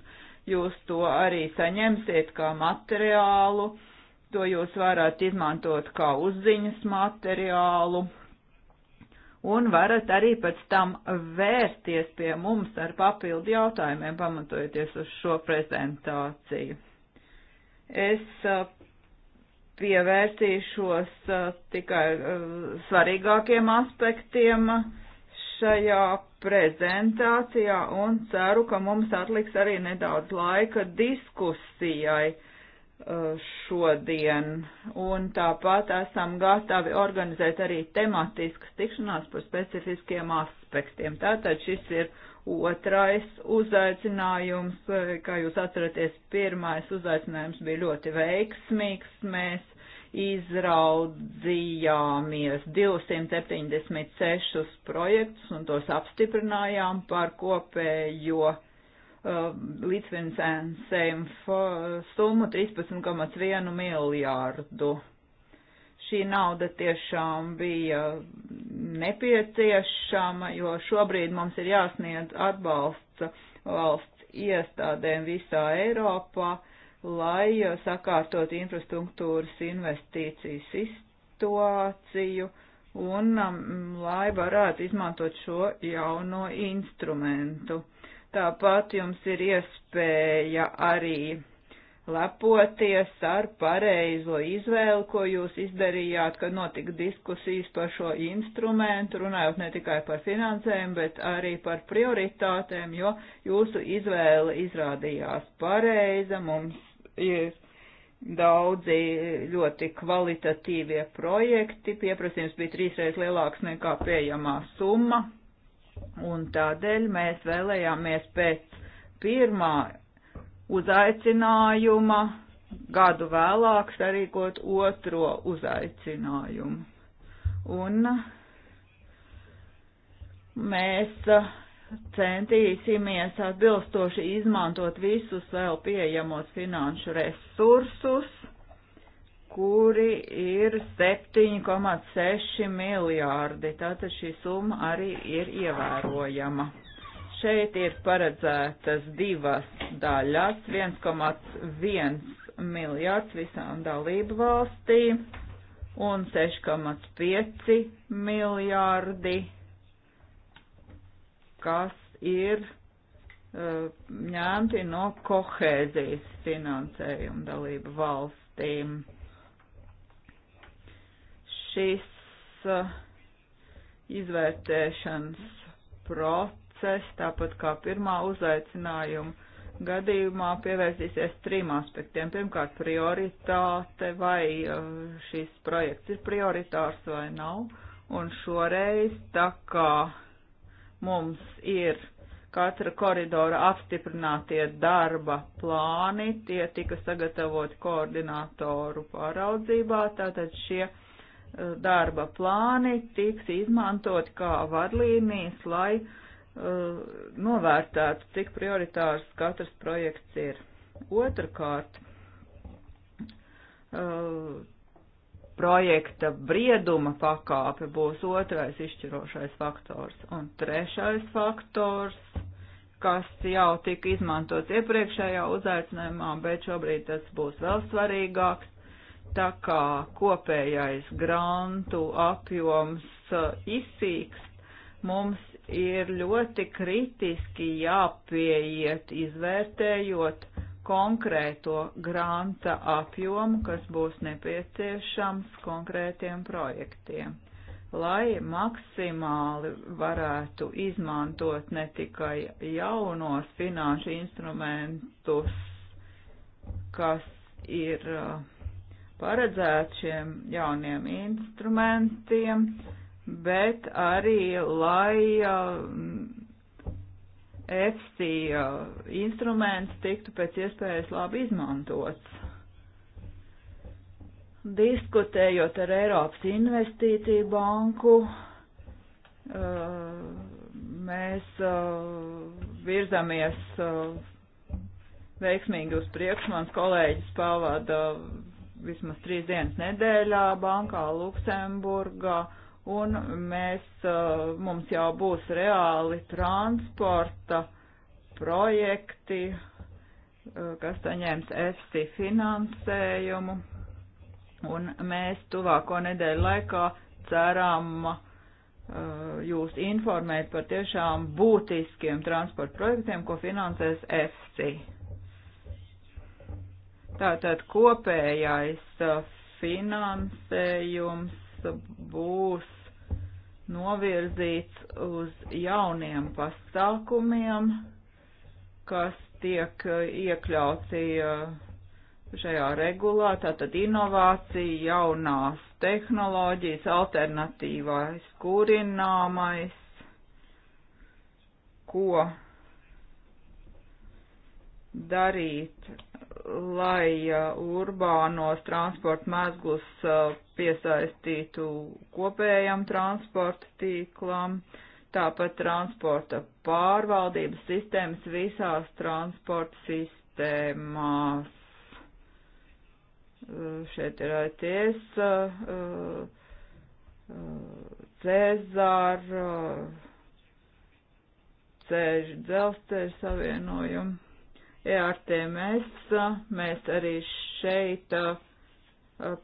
jūs to arī saņemsiet kā materiālu, to jūs varat izmantot kā uzziņas materiālu un varat arī pēc tam vērsties pie mums ar papildu jautājumiem, pamatojoties uz šo prezentāciju. Es uh, pievērsīšos uh, tikai uh, svarīgākiem aspektiem šajā prezentācijā un ceru, ka mums atliks arī nedaudz laika diskusijai Eh, šodien. Un tāpat esam gatavi organizēt arī tematiskas tikšanās par specifiskiem aspektiem. Tātad šis ir otrais uzaicinājums. Eh, kā jūs atceraties, pirmais uzaicinājums bija ļoti veiksmīgs. Mēs izraudzījāmies 276 projektus un tos apstiprinājām par kopējo Um, līdzfinansējumu summu 13,1 miljārdu. Šī nauda tiešām bija nepieciešama, jo šobrīd mums ir jāsniedz atbalsts valsts iestādēm visā Eiropā, lai sakārtot infrastruktūras investīciju situāciju un um, lai varētu izmantot šo jauno instrumentu. Uh, Tāpat jums ir iespēja arī lepoties ar pareizo izvēli, ko jūs izdarījāt, kad notika diskusijas par šo instrumentu, runājot ne tikai par finansēm, bet arī par prioritātēm, jo jūsu izvēle izrādījās pareiza, mums ir daudzi ļoti kvalitatīvie projekti, pieprasījums bija trīsreiz lielāks nekā pieejamā summa, un tādēļ mēs vēlējāmies pēc pirmā uzaicinājuma gadu vēlāk sarīkot otro uzaicinājumu. Un mēs uh, centīsimies atbilstoši izmantot visus vēl pieejamos finanšu resursus, kuri ir 7,6 miljārdi. Tātad šī summa arī ir ievērojama. Šeit ir paredzētas divas daļas - 1,1 miljārds visām dalību valstīm un 6,5 miljārdi, kas ir uh, ņemti no kohēzijas finansējuma dalību valstīm šīs uh, izvērtēšanas process, tāpat kā pirmā uzaicinājuma gadījumā, pievērsīsies trim aspektiem. Pirmkārt, prioritāte, vai uh, šis projekts ir prioritārs vai nav. Un šoreiz, tā kā mums ir katra koridora apstiprinātie darba plāni, tie tika sagatavoti koordinātoru pāraudzībā, tātad šie darba plāni tiks izmantoti kā vadlīnijas, lai uh, novērtētu, cik prioritārs katrs projekts ir. Otrakārt, uh, projekta brieduma pakāpe būs otrais izšķirošais faktors. Un trešais faktors, kas jau tika izmantots iepriekšējā uzaicinājumā, bet šobrīd tas būs vēl svarīgāks, tā kā kopējais grantu apjoms uh, izsīkst, mums ir ļoti kritiski jāpieiet izvērtējot konkrēto granta apjomu, kas būs nepieciešams konkrētiem projektiem, lai maksimāli varētu izmantot ne tikai jaunos finanšu instrumentus, kas ir uh, paredzēt šiem jauniem instrumentiem, bet arī, lai EFSI uh, uh, instruments tiktu pēc iespējas labi izmantots. Diskutējot ar Eiropas investīciju banku, uh, mēs virzamies veiksmīgi uz priekšu. Mans kolēģis pavada vismaz trīs dienas nedēļā bankā Luksemburgā, un mēs, uh, mums jau būs reāli transporta projekti, uh, kas saņēms EFSI finansējumu, un mēs tuvāko nedēļu laikā ceram uh, jūs informēt par tiešām būtiskiem transporta projektiem, ko finansēs EFSI. Tātad kopējais finansējums būs novirzīts uz jauniem pasākumiem, kas tiek iekļauti šajā regulā, tātad inovācija, jaunās tehnoloģijas, alternatīvais kurināmais, ko darīt lai urbānos transporta mezglus piesaistītu kopējam transporta tīklam, tāpat transporta pārvaldības sistēmas visās transporta sistēmās. Šeit ir ATS, Cezāra, ceļu dzelzceļu savienojumu. ERTMS. Mēs arī šeit uh,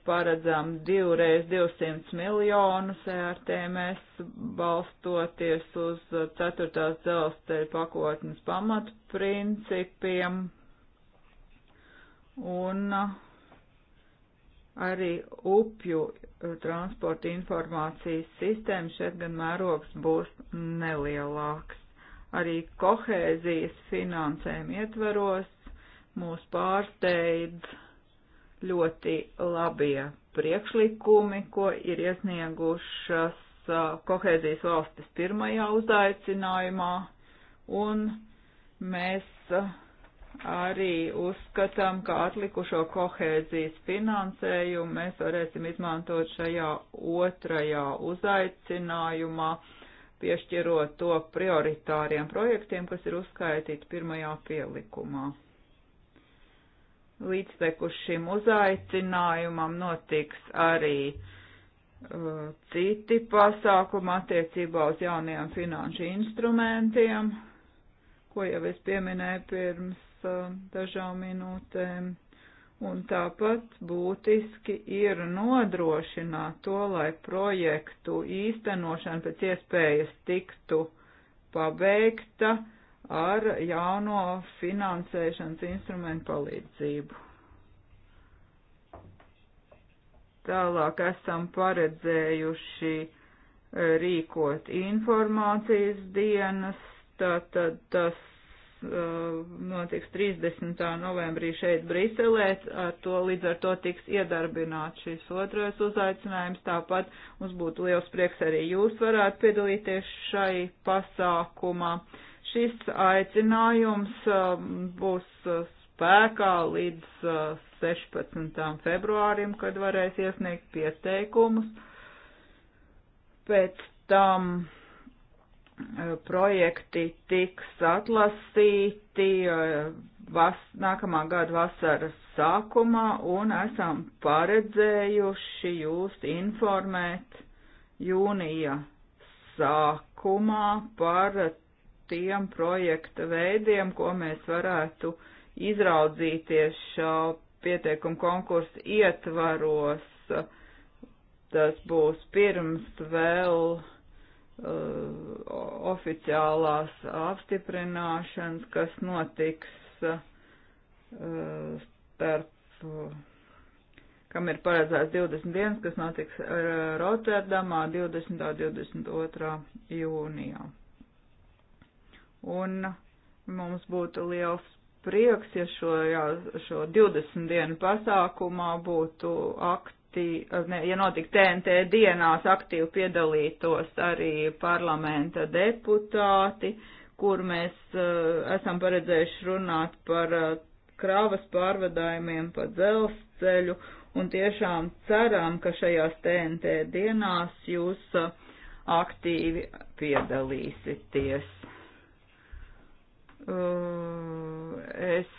paredzam divreiz 200 miljonus ERTMS, balstoties uz ceturtās dzelzceļa pakotnes pamatprincipiem. Un uh, arī upju uh, transporta informācijas sistēma šeit gan mērogs būs nelielāks arī kohēzijas finansēm ietvaros mūs pārsteidz ļoti labie priekšlikumi, ko ir iesniegušas kohēzijas valstis pirmajā uzaicinājumā, un mēs arī uzskatām, ka atlikušo kohēzijas finansējumu mēs varēsim izmantot šajā otrajā uzaicinājumā piešķirot to prioritāriem projektiem, kas ir uzskaitīti pirmajā pielikumā. Līdztekus šim uzaicinājumam notiks arī uh, citi pasākumi attiecībā uz jauniem finanšu instrumentiem, ko jau es pieminēju pirms uh, dažām minūtēm Un tāpat būtiski ir nodrošināt to, lai projektu īstenošana pēc iespējas tiktu pabeigta ar jauno finansēšanas instrumentu palīdzību. Tālāk esam paredzējuši eh, rīkot informācijas dienas, tātad tas Uh, notiks 30. novembrī šeit Briselē, ar to līdz ar to tiks iedarbināts šis otrais uzaicinājums. Tāpat mums būtu liels prieks arī jūs varētu piedalīties šai pasākumā. Šis aicinājums um, būs uh, spēkā līdz 16. Uh, februārim, kad varēs iesniegt pieteikumus. Pēc tam Eh, projekti tiks atlasīti eh, vas, nākamā gada vasaras sākumā un esam paredzējuši jūs informēt jūnija sākumā par tiem projekta veidiem, ko mēs varētu izraudzīties šā pieteikuma konkursa ietvaros. Tas būs pirms vēl uh, oficiālās apstiprināšanas, kas notiks uh, starp, uh, kam ir paredzēts 20 dienas, kas notiks uh, Rotterdamā 20. un 22. jūnijā. Un mums būtu liels prieks, ja šo, jā, šo 20 dienu pasākumā būtu akti aktīvi, ja notiks TNT dienās, aktīvi piedalītos arī parlamenta deputāti, kur mēs eh, esam paredzējuši runāt par eh, kravas pārvadājumiem pa dzelzceļu, un tiešām ceram, ka šajās TNT dienās jūs eh, aktīvi piedalīsieties. Es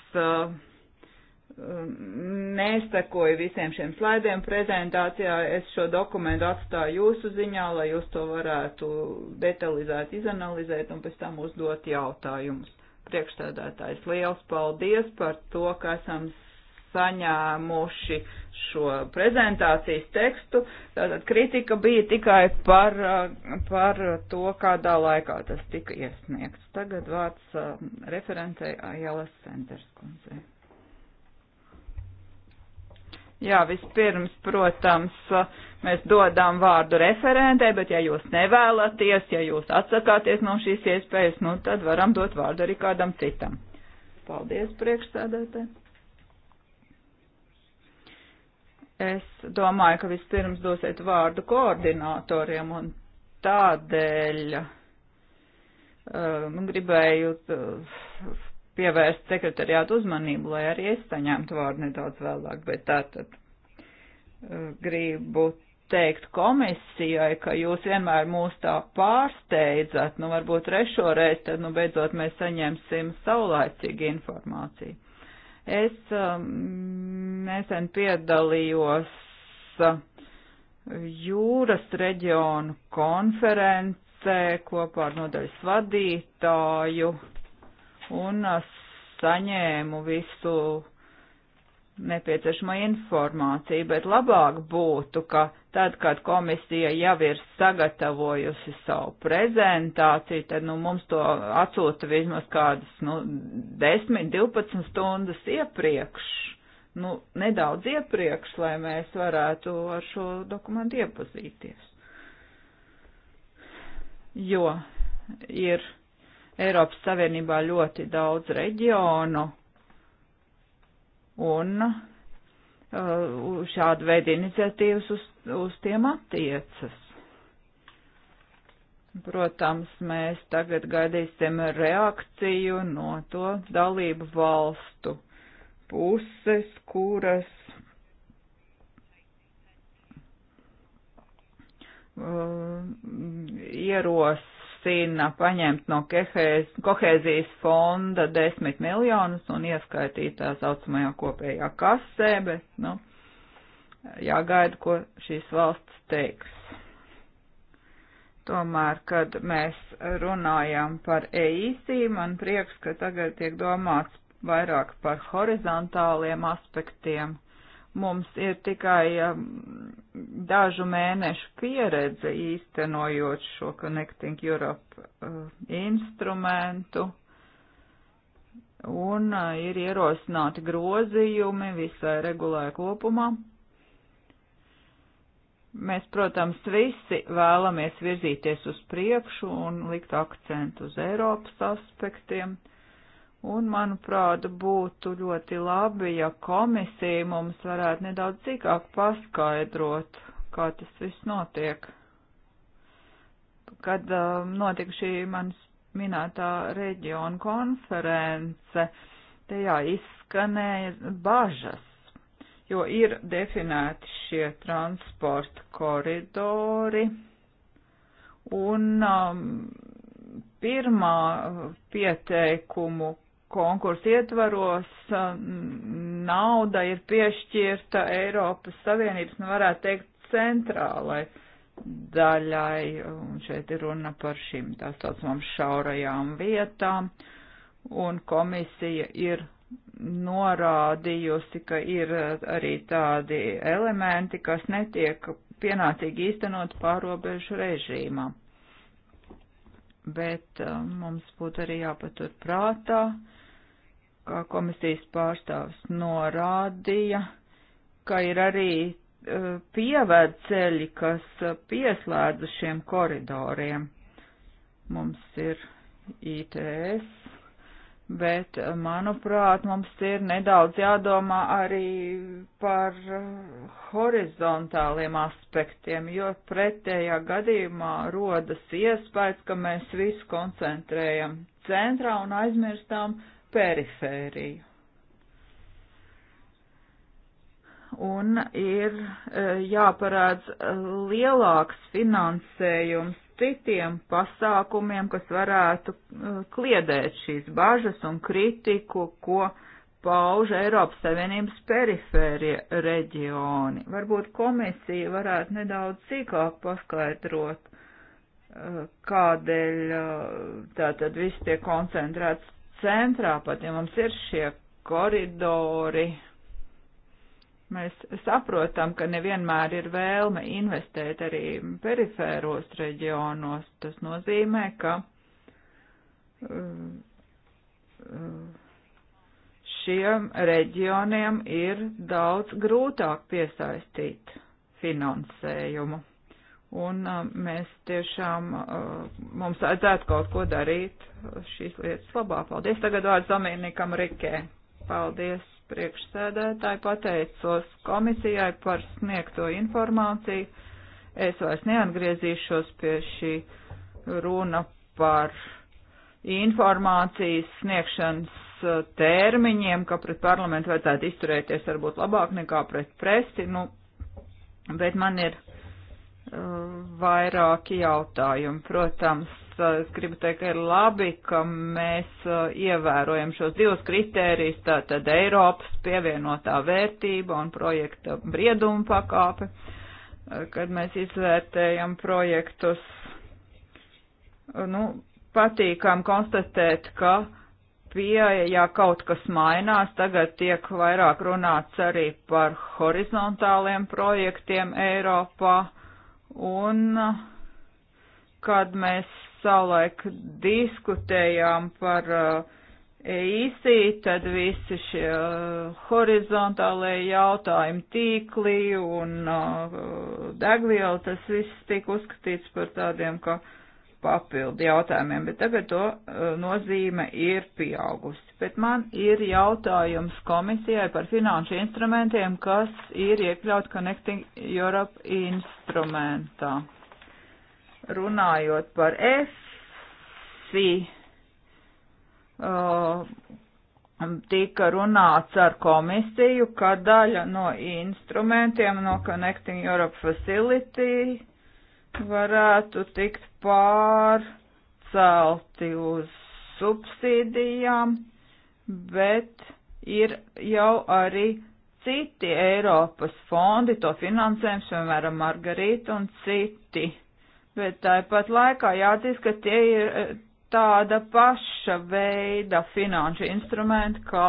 nesekoju um, visiem šiem slaidiem prezentācijā. Es šo dokumentu atstāju jūsu ziņā, lai jūs to varētu detalizēt, izanalizēt un pēc tam uzdot jautājumus. Priekšstādātājs, liels paldies par to, ka esam saņēmuši šo prezentācijas tekstu. Tātad kritika bija tikai par, uh, par to, kādā laikā tas tika iesniegts. Tagad vārds uh, referentei Ajala Sanders kundzei. Jā, vispirms, protams, mēs dodām vārdu referentē, bet ja jūs nevēlaties, ja jūs atsakāties no šīs iespējas, nu tad varam dot vārdu arī kādam citam. Paldies, priekšsēdētē. Es domāju, ka vispirms dosiet vārdu koordinatoriem un tādēļ um, gribēju uh, pievērst sekretariātu uzmanību, lai arī es saņemtu vārdu nedaudz vēlāk, bet tātad eh, gribu teikt komisijai, ka jūs vienmēr mūs tā pārsteidzat, nu varbūt trešo reizi, tad nu beidzot mēs saņemsim saulēcīgu informāciju. Es um, nesen piedalījos uh, jūras reģionu konferencē kopā ar nodaļas vadītāju un uh, saņēmu visu nepieciešamo informāciju, bet labāk būtu, ka tad, kad komisija jau ir sagatavojusi savu prezentāciju, tad nu, mums to atsūta vismaz kādas nu, 10, 12 stundas iepriekš, nu, nedaudz iepriekš, lai mēs varētu ar šo dokumentu iepazīties. Jo ir Eiropas Savienībā ļoti daudz reģionu, un uh, šāda veida iniciatīvas uz, uz tiem attiecas. Protams, mēs tagad gaidīsim reakciju no to dalību valstu puses, kuras uh, ieros ierosina paņemt no kehēz, kohēzijas fonda desmit miljonus un ieskaitīt tā saucamajā kopējā kasē, bet, nu, jāgaida, ko šīs valsts teiks. Tomēr, kad mēs runājam par EIC, man prieks, ka tagad tiek domāts vairāk par horizontāliem aspektiem. Mums ir tikai um, dažu mēnešu pieredze īstenojot šo Connecting Europe uh, instrumentu, un uh, ir ierosināti grozījumi visai regulē kopumā. Mēs, protams, visi vēlamies virzīties uz priekšu un likt akcentu uz Eiropas aspektiem. Un, manuprāt, būtu ļoti labi, ja komisija mums varētu nedaudz cikāk paskaidrot kā tas viss notiek. Kad uh, notika šī manas minētā reģiona konference, tajā izskanēja bažas, jo ir definēti šie transporta koridori, un um, pirmā pieteikumu konkursu ietvaros um, nauda ir piešķirta Eiropas Savienības, nu varētu teikt, centrālai daļai, un šeit ir runa par šīm tā saucamām šaurajām vietām, un komisija ir norādījusi, ka ir arī tādi elementi, kas netiek pienācīgi īstenot pārobežu režīmā. Bet uh, mums būtu arī jāpatur prātā, kā komisijas pārstāvs norādīja, ka ir arī pievēd ceļi, kas pieslēdz šiem koridoriem. Mums ir ITS, bet, manuprāt, mums ir nedaudz jādomā arī par horizontāliem aspektiem, jo pretējā gadījumā rodas iespējas, ka mēs visu koncentrējam centrā un aizmirstām perifēriju. un ir e, jāparāds e, lielāks finansējums citiem pasākumiem, kas varētu e, kliedēt šīs bažas un kritiku, ko pauž Eiropas Savienības perifērie reģioni. Varbūt komisija varētu nedaudz sīkāk paskaidrot, kādēļ tātad viss tiek koncentrēts centrā, pat ja mums ir šie koridori, Mēs saprotam, ka nevienmēr ir vēlme investēt arī perifēros reģionos. Tas nozīmē, ka uh, uh, šiem reģioniem ir daudz grūtāk piesaistīt finansējumu. Un uh, mēs tiešām, mums vajadzētu kaut ko darīt šīs lietas labā. Paldies tagad vārds Dominikam Rikē. Paldies priekšsēdētāji, pateicos komisijai par sniegto informāciju. Es vairs neatgriezīšos pie šī runa par informācijas sniegšanas uh, termiņiem, ka pret parlamentu vajadzētu izturēties varbūt labāk nekā pret presi, nu, bet man ir uh, vairāki jautājumi. Protams, es gribu teikt, ka ir labi, ka mēs uh, ievērojam šos divus kritērijus, tātad Eiropas pievienotā vērtība un projekta brieduma pakāpe, uh, kad mēs izvērtējam projektus. Uh, nu, patīkām konstatēt, ka pieeja, ja kaut kas mainās, tagad tiek vairāk runāts arī par horizontāliem projektiem Eiropā, un kad mēs savulaik diskutējām par īsī, uh, e tad visi šie uh, horizontālie jautājumi tīklī un uh, degvielu, tas viss tika uzskatīts par tādiem, ka papildu jautājumiem, bet tagad to nozīme ir pieaugusi. Bet man ir jautājums komisijai par finanšu instrumentiem, kas ir iekļaut Connecting Europe instrumentā runājot par EFSI, uh, tika runāts ar komisiju, ka daļa no instrumentiem no Connecting Europe Facility varētu tikt pārcelti uz subsīdijām, bet ir jau arī citi Eiropas fondi, to finansējums, piemēram, Margarita un citi bet tāpat laikā jāatzīst, ka tie ir eh, tāda paša veida finanšu instrumenti, kā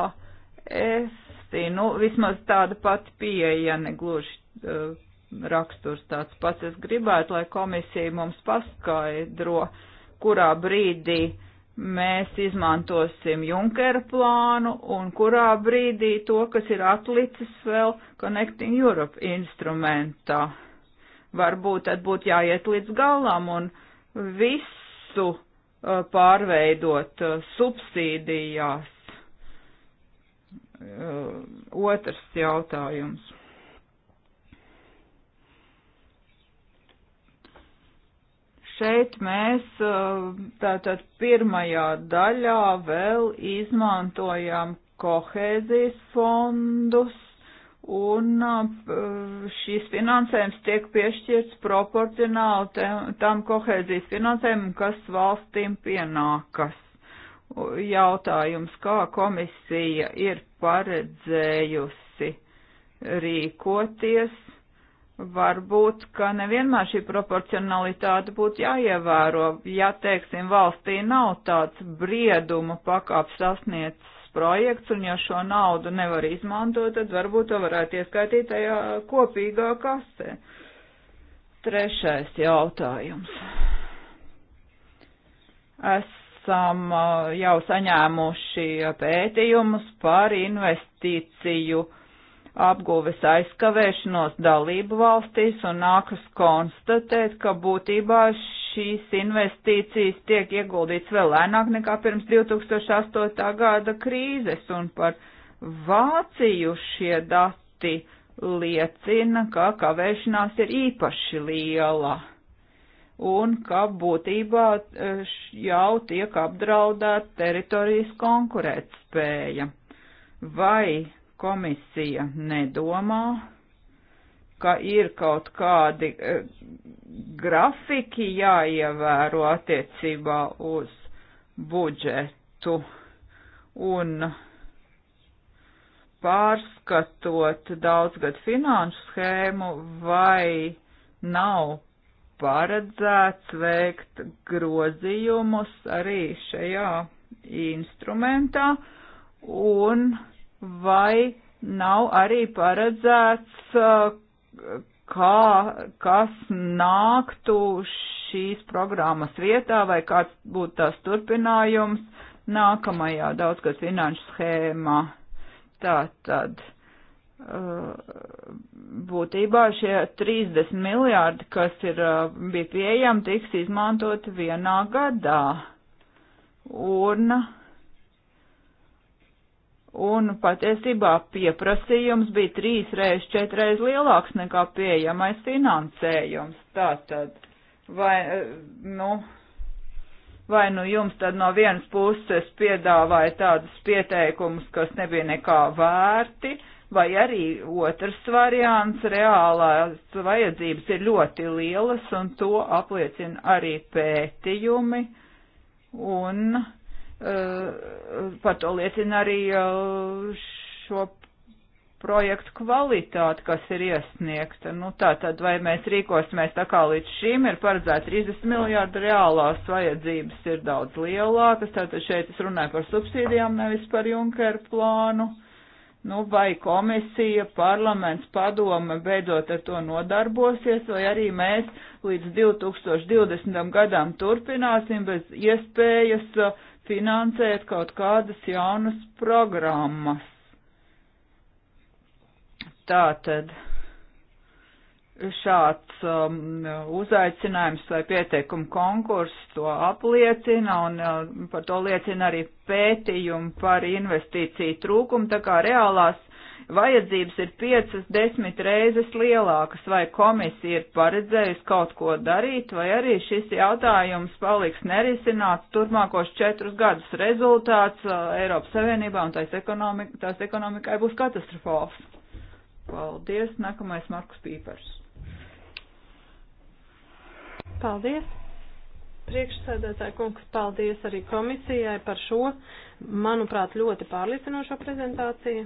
esi, nu, vismaz tāda pati pieeja, negluži uh, eh, raksturs tāds pats. Es gribētu, lai komisija mums paskaidro, kurā brīdī mēs izmantosim Junkera plānu un kurā brīdī to, kas ir atlicis vēl Connecting Europe instrumentā varbūt tad būtu jāiet līdz galam un visu uh, pārveidot uh, subsīdijās. Uh, otrs jautājums. Šeit mēs tātad pirmajā daļā vēl izmantojām kohēzijas fondus un uh, šīs finansējums tiek piešķirts proporcionāli tam kohēzijas finansējumam, kas valstīm pienākas. Jautājums, kā komisija ir paredzējusi rīkoties, varbūt, ka nevienmēr šī proporcionalitāte būtu jāievēro. Ja, teiksim, valstī nav tāds brieduma pakāps sasniegts projekts, un ja šo naudu nevar izmantot, tad varbūt to varētu ieskaitīt tajā kopīgā kasē. Trešais jautājums. Esam uh, jau saņēmuši pētījumus par investīciju apguves aizkavēšanos dalību valstīs un nākas konstatēt, ka būtībā šīs investīcijas tiek ieguldīts vēl lēnāk nekā pirms 2008. gada krīzes, un par Vāciju šie dati liecina, ka kavēšanās ir īpaši liela un ka būtībā eh, jau tiek apdraudēta teritorijas konkurētspēja. Vai komisija nedomā, ka ir kaut kādi eh, grafiki jāievēro attiecībā uz budžetu un pārskatot daudzgad finanšu schēmu, vai nav paredzēts veikt grozījumus arī šajā instrumentā, un vai nav arī paredzēts eh, kā, kas nāktu šīs programmas vietā vai kāds būtu tās turpinājums nākamajā daudzgad finanšu schēmā. Tā tad uh, būtībā šie 30 miljārdi, kas ir, uh, bija pieejami, tiks izmantoti vienā gadā. Un uh, un patiesībā pieprasījums bija trīs reizes, četreiz lielāks nekā pieejamais finansējums. Tātad, vai, eh, nu, vai nu jums tad no vienas puses piedāvāja tādus pieteikumus, kas nebija nekā vērti, vai arī otrs variants - reālās vajadzības ir ļoti lielas, un to apliecina arī pētījumi. Un Eh, par to liecina arī eh, šo projektu kvalitāti, kas ir iesniegta. Nu, tā tad, vai mēs rīkosimies tā kā līdz šim ir paredzēta 30 miljārdu reālās vajadzības ir daudz lielākas, tātad šeit es runāju par subsīdijām, nevis par Junkeru plānu. Nu, vai komisija, parlaments, padome beidzot ar to nodarbosies, vai arī mēs līdz 2020. gadam turpināsim bez iespējas uh, finansēt kaut kādas jaunas programmas. Tātad šāds um, uzaicinājums vai pieteikuma konkurss to apliecina un uh, par to liecina arī pētījumi par investīciju trūkumu, tā kā reālās vajadzības ir 5-10 reizes lielākas, vai komisija ir paredzējusi kaut ko darīt, vai arī šis jautājums paliks nerisināts turpmākos četrus gadus. Rezultāts uh, Eiropas Savienībā un tās, ekonomika, tās ekonomikai būs katastrofāls. Paldies. Nākamais Markus Pīpers. Paldies. Priekšsēdētāji kungs, paldies arī komisijai par šo, manuprāt, ļoti pārliecinošo prezentāciju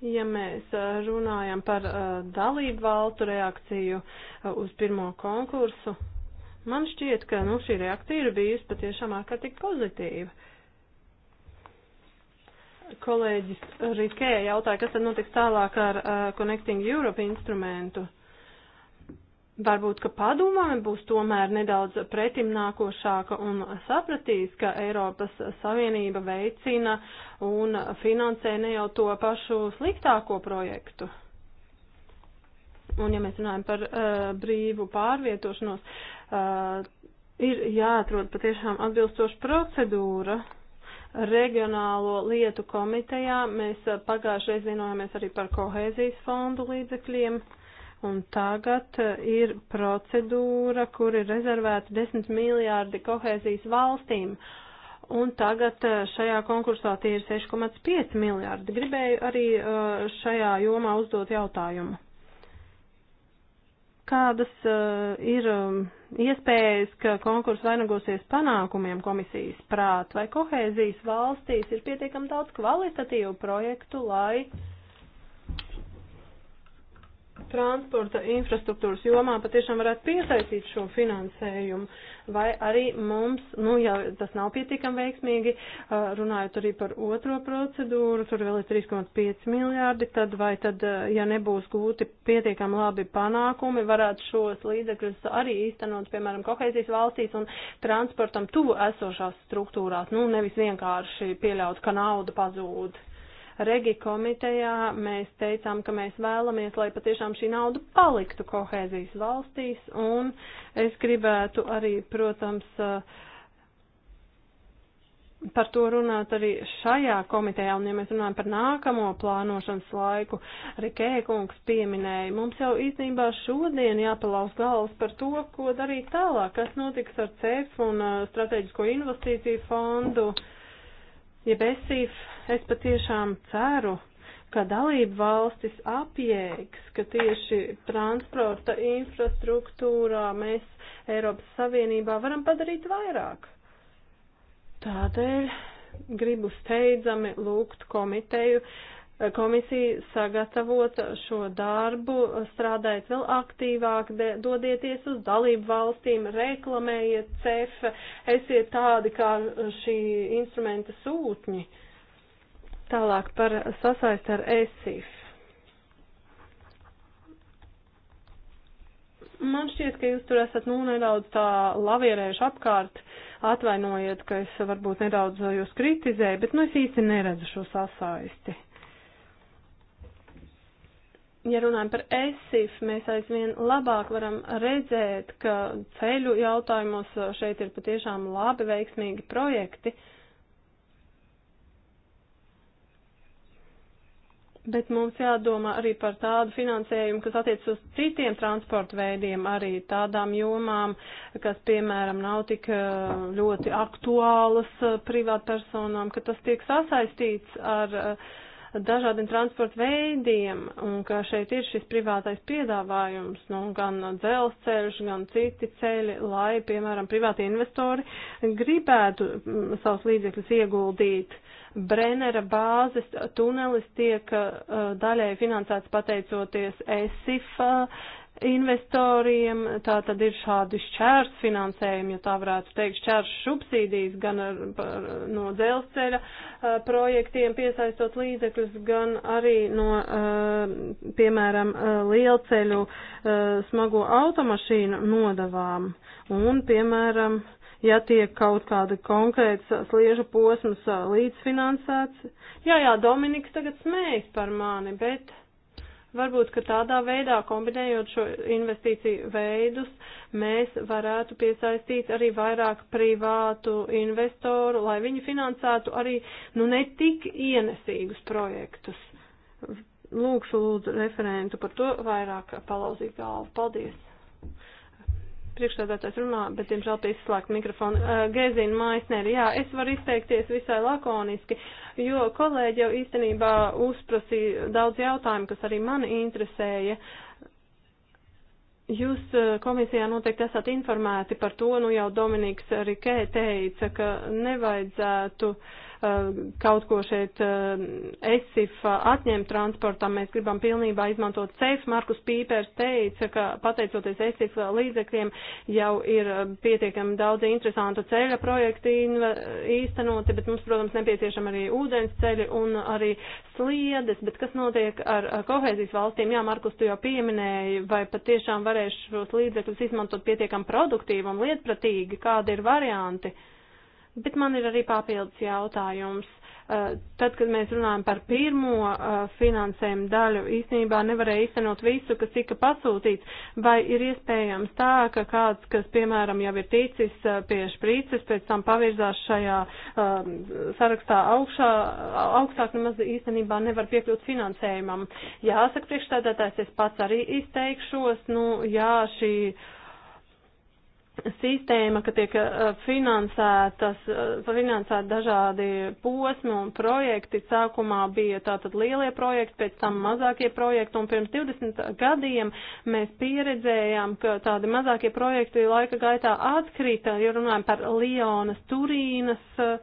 Ja mēs uh, runājam par uh, dalību valstu reakciju uh, uz pirmo konkursu, man šķiet, ka nu, šī reakcija ir bijusi patiešām ārkārtīgi pozitīva. Kolēģis Rikē jautāja, kas tad notiks tālāk ar uh, Connecting Europe instrumentu. Uh, Varbūt, ka padomē būs tomēr nedaudz pretimnākošāka un sapratīs, ka Eiropas Savienība veicina un finansē ne jau to pašu sliktāko projektu. Un ja mēs runājam par uh, brīvu pārvietošanos, uh, ir jāatrod patiešām atbilstoša procedūra. Reģionālo lietu komitejā mēs eh, pagājušajā vienojāmies arī par kohēzijas fondu līdzekļiem. Uh, Un tagad eh, ir procedūra, kur ir rezervēta 10 miljārdi kohēzijas valstīm. Un tagad eh, šajā konkursā tie ir 6,5 miljārdi. Gribēju arī eh, šajā jomā uzdot jautājumu. Kādas ir um, iespējas, ka konkurss vainagosies panākumiem komisijas prāt, vai kohēzijas valstīs ir pietiekami daudz kvalitatīvu projektu, lai uh, transporta infrastruktūras jomā patiešām varētu piesaistīt šo finansējumu, vai arī mums, nu, ja tas nav pietiekami veiksmīgi, runājot arī par otro procedūru, tur vēl ir 3,5 miljārdi, tad vai tad, ja nebūs gūti pietiekami labi panākumi, varētu šos līdzekļus arī īstenot, piemēram, kohēzijas valstīs un transportam tuvu esošās struktūrās, nu, nevis vienkārši pieļaut, ka nauda pazūd. Regi komitejā mēs teicām, ka mēs vēlamies, lai patiešām šī nauda paliktu kohēzijas valstīs, un es gribētu arī, protams, uh, par to runāt arī šajā komitejā, un ja mēs runājam par nākamo plānošanas laiku, Rikē kungs pieminēja, mums jau īstenībā šodien jāpalaus galvas par to, ko darīt tālāk, kas notiks ar CEF un eh, strateģisko investīciju fondu. Uh, jeb esīf, es patiešām ceru, ka dalība valstis apjēgs, ka tieši transporta infrastruktūrā mēs Eiropas Savienībā varam padarīt vairāk. Tādēļ gribu steidzami lūgt komiteju uh, komisija sagatavot šo darbu, strādājiet vēl aktīvāk, dodieties uz dalību valstīm, reklamējiet CEF, esiet tādi kā šī instrumenta sūtņi. Tālāk par sasaist ar ESIF. Man šķiet, ka jūs tur esat nu nedaudz tā lavierējuši apkārt, atvainojiet, ka es varbūt nedaudz jūs kritizēju, bet nu es īsti neredzu šo sasaisti ja runājam par ESIF, mēs aizvien labāk varam redzēt, ka ceļu jautājumos šeit ir patiešām labi veiksmīgi projekti. Bet mums jādomā arī par tādu finansējumu, kas attiec uz citiem transporta veidiem, arī tādām jomām, kas, piemēram, nav tik eh, ļoti aktuālas eh, privātpersonām, ka tas tiek sasaistīts ar uh, dažādiem transporta veidiem un ka šeit ir šis privātais piedāvājums, nu, gan dzelzceļš, gan citi ceļi, lai, piemēram, privāti investori gribētu mm, savus līdzekļus ieguldīt. Brenera bāzes tunelis tiek eh, daļai finansēts pateicoties ESIF investoriem. Tā tad ir šādi šķērs finansējumi, ja tā varētu teikt, šķērs subsīdijas gan ar, par, no dzelzceļa eh, projektiem piesaistot līdzekļus, gan arī no, eh, piemēram, eh, lielceļu smago automašīnu nodavām. Un, piemēram, ja tiek kaut kāda konkrēta sliežu posms līdzfinansēts. Jā, jā, Dominiks tagad smējas par mani, bet Varbūt, ka tādā veidā, kombinējot šo investīciju veidus, mēs varētu piesaistīt arī vairāk privātu investoru, lai viņi finansētu arī, nu, ne tik ienesīgus projektus. Lūkšu lūdzu referentu par to vairāk palauzīt galvu. Paldies! priekšstādātājs runā, bet, diemžēl, pie izslēgta mikrofona. Uh, Gēzina Maisneri, jā, es varu izteikties visai lakoniski, jo kolēģi jau īstenībā uzprasīja daudz jautājumu, kas arī mani interesēja. Jūs komisijā noteikti esat informēti par to, nu jau Dominiks Rikē teica, ka nevajadzētu uh, Eh, kaut ko šeit eh, ESIF eh, atņemt transportam. Mēs gribam pilnībā izmantot CEF. Markus Pīpers teica, ka pateicoties ESIF līdzekļiem jau ir pietiekami daudz interesantu ceļa projektu īstenoti, bet mums, protams, nepieciešama arī ūdens ceļi un arī sliedes. Bet kas notiek ar kohēzijas valstīm? Jā, Markus, tu jau pieminēji, vai patiešām varēšu šos līdzekļus izmantot pietiekami produktīvi un lietpratīgi, kādi ir varianti. Uh, Bet man ir arī papildus jautājums. Eh, tad, kad mēs runājam par pirmo eh, finansējumu daļu, īstenībā nevarēja īstenot visu, kas tika pasūtīts, vai ir iespējams tā, ka kāds, kas, piemēram, jau ir ticis eh, pie šprīces, pēc tam pavirzās šajā sarakstā augšā, augstāk nemaz īstenībā nevar piekļūt finansējumam. Jāsaka, priekšstādātājs, es pats arī izteikšos, nu, jā, šī sistēma, ka tiek eh, finansētas, eh, finansēt dažādi posmi un projekti. Sākumā bija tātad lielie projekti, pēc tam mazākie projekti, un pirms 20 gadiem mēs pieredzējām, ka tādi mazākie projekti laika gaitā atkrita, jo runājam par Lionas, Turīnas, uh,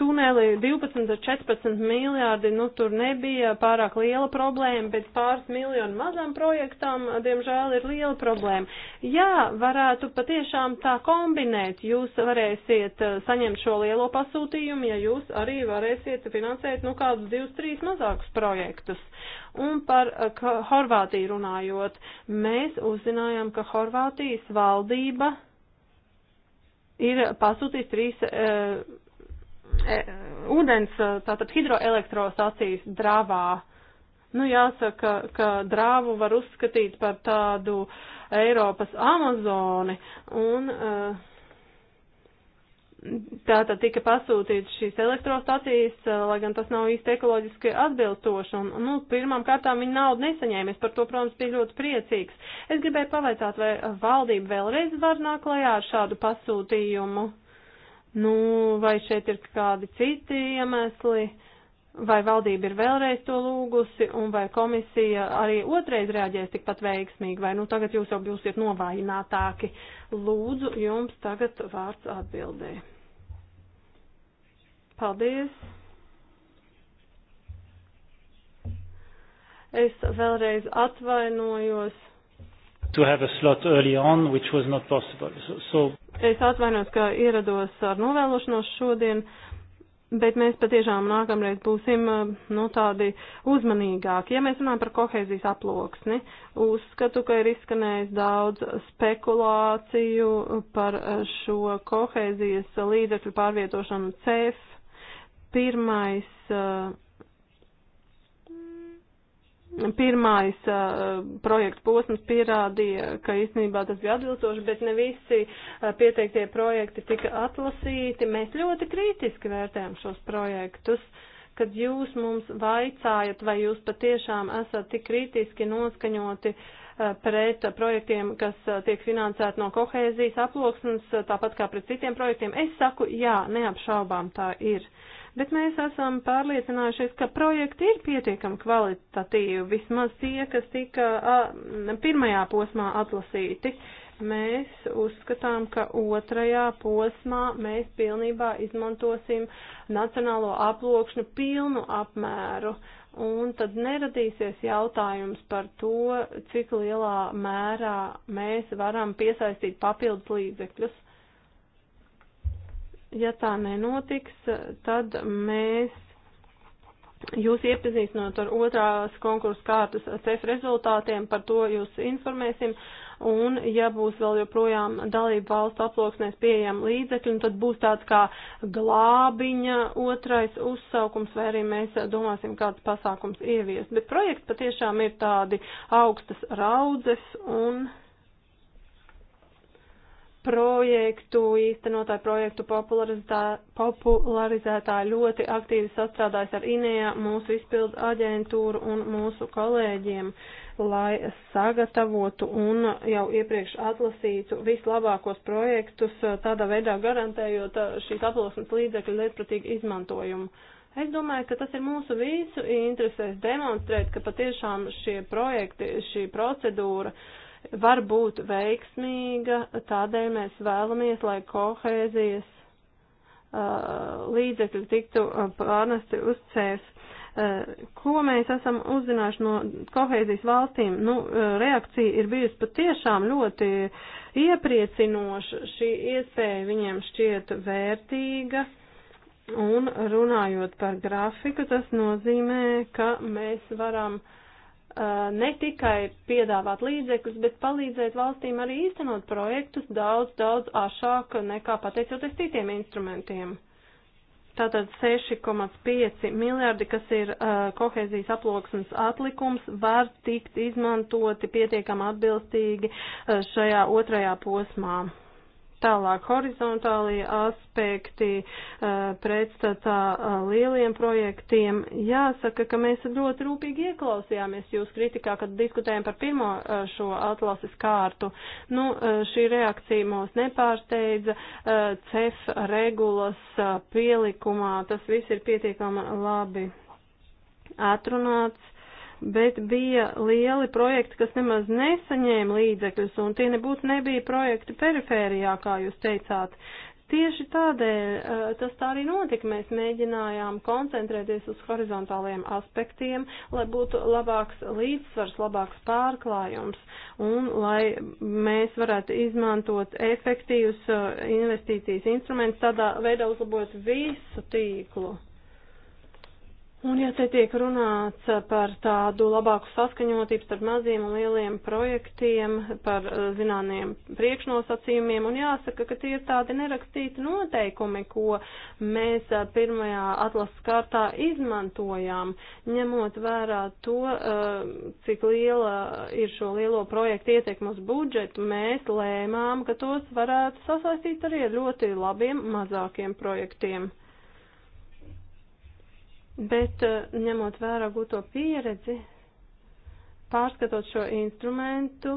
tuneli 12 ar 14 miljārdi, nu tur nebija pārāk liela problēma, bet pāris miljonu mazām projektām, diemžēl, ir liela problēma. Jā, varētu patiešām tā kombinēt. Jūs varēsiet eh, saņemt šo lielo pasūtījumu, ja jūs arī varēsiet finansēt, nu, kādus divus, trīs mazākus projektus. Un par eh, Horvātiju runājot, mēs uzzinājām, ka Horvātijas valdība ir pasūtījis trīs. Uh, E, ūdens, e, tātad hidroelektrostacijas dravā. Nu, jāsaka, ka drāvu var uzskatīt par tādu Eiropas Amazoni un uh, Tātad tika pasūtīts šīs elektrostacijas, lai gan tas nav īsti ekoloģiski atbilstoši, un, nu, pirmām kārtām viņi naudu nesaņēma, es par to, protams, biju ļoti priecīgs. Es gribēju pavaicāt, vai valdība vēlreiz var nāklajā ar šādu pasūtījumu? Nu, vai šeit ir kādi citi iemesli, vai valdība ir vēlreiz to lūgusi, un vai komisija arī otrais reaģēs tikpat veiksmīgi, vai nu tagad jūs jau būsiet novājinātāki. Lūdzu, jums tagad vārds atbildē. Paldies! Es vēlreiz atvainojos. To have a slot early on, which was not possible. So, so Es atvainos, ka ierados ar novēlošanos šodien, bet mēs patiešām nākamreiz būsim eh, nu, tādi uzmanīgāki. Ja mēs runājam par kohēzijas aploksni, uzskatu, ka ir izskanējis daudz spekulāciju par eh, šo kohēzijas līdzekļu pārvietošanu CEF. Pirmais uh, pirmais uh, projekta posms pierādīja, ka īstenībā tas bija atbilstoši, bet ne visi uh, pieteiktie projekti tika atlasīti. Mēs ļoti kritiski vērtējam šos projektus, kad jūs mums vaicājat, vai jūs patiešām esat tik kritiski noskaņoti uh, pret projektiem, kas uh, tiek finansēti no kohēzijas aploksnes, tāpat kā pret citiem projektiem. Es saku, jā, neapšaubām tā ir. Uh, bet mēs esam pārliecinājušies, ka projekti ir pietiekami kvalitatīvi, vismaz tie, kas tika a, pirmajā posmā atlasīti. Mēs uzskatām, ka otrajā posmā mēs pilnībā izmantosim nacionālo aploksņu pilnu apmēru, un tad neradīsies jautājums par to, cik lielā mērā mēs varam piesaistīt papildus līdzekļus Ja tā nenotiks, tad mēs jūs iepazīstinot ar otrās konkursu kārtas CEF rezultātiem, par to jūs informēsim, un ja būs vēl joprojām dalību valstu aploksnēs pieejam līdzekļi, tad būs tāds kā glābiņa otrais uzsaukums, vai arī mēs domāsim, kāds pasākums ievies. Bet projekts patiešām ir tādi augstas raudzes un projektu īstenotāju, projektu popularizētāji ļoti aktīvi sastrādājas ar INEA, mūsu izpildu aģentūru un mūsu kolēģiem, lai sagatavotu un jau iepriekš atlasītu vislabākos projektus, tādā veidā garantējot šīs aplosnes līdzekļu lietpratīgu izmantojumu. Es domāju, ka tas ir mūsu visu interesēs demonstrēt, ka patiešām šie projekti, šī procedūra uh, var būt veiksmīga, tādēļ mēs vēlamies, lai kohēzijas uh, līdzekļi tiktu uh, pārnesti uz CEF. Uh, ko mēs esam uzzinājuši no kohēzijas valstīm? Nu, uh, reakcija ir bijusi patiešām ļoti iepriecinoša. Šī iespēja viņiem šķiet vērtīga. Un runājot par grafiku, tas nozīmē, ka mēs varam uh, Uh, ne tikai piedāvāt līdzekļus, bet palīdzēt valstīm arī īstenot projektus daudz, daudz āšāk nekā pateicoties citiem instrumentiem. Tātad 6,5 miljardi, kas ir uh, kohēzijas aploksnes atlikums, var tikt izmantoti pietiekam atbilstīgi uh, šajā otrajā posmā. Tālāk horizontālie aspekti eh, pretstatā eh, lieliem projektiem. Jāsaka, ka mēs ļoti rūpīgi ieklausījāmies jūs kritikā, kad diskutējam par pirmo eh, šo atlases kārtu. Nu, šī reakcija mūs nepārsteidza. CEF regulas pielikumā tas viss ir pietiekami labi atrunāts bet bija lieli projekti, kas nemaz nesaņēma līdzekļus, un tie nebūtu nebija projekti perifērijā, kā jūs teicāt. Tieši tādēļ eh, tas tā arī notika. Mēs mēģinājām koncentrēties uz horizontāliem aspektiem, lai būtu labāks līdzsvars, labāks pārklājums un lai mēs varētu izmantot efektīvus eh, investīcijas instrumentus, tādā veidā uzlabot visu tīklu. Un ja te tiek runāts par tādu labāku saskaņotību starp maziem un lieliem projektiem, par eh, zināmiem priekšnosacījumiem, un jāsaka, ka tie ir tādi nerakstīti noteikumi, ko mēs eh, pirmajā atlases kārtā izmantojām, ņemot vērā to, eh, cik liela ir šo lielo projektu ietekme uz budžetu, mēs lēmām, ka tos varētu sasaistīt arī ar ļoti labiem mazākiem projektiem. Bet eh, ņemot vērā gūto pieredzi, pārskatot šo instrumentu,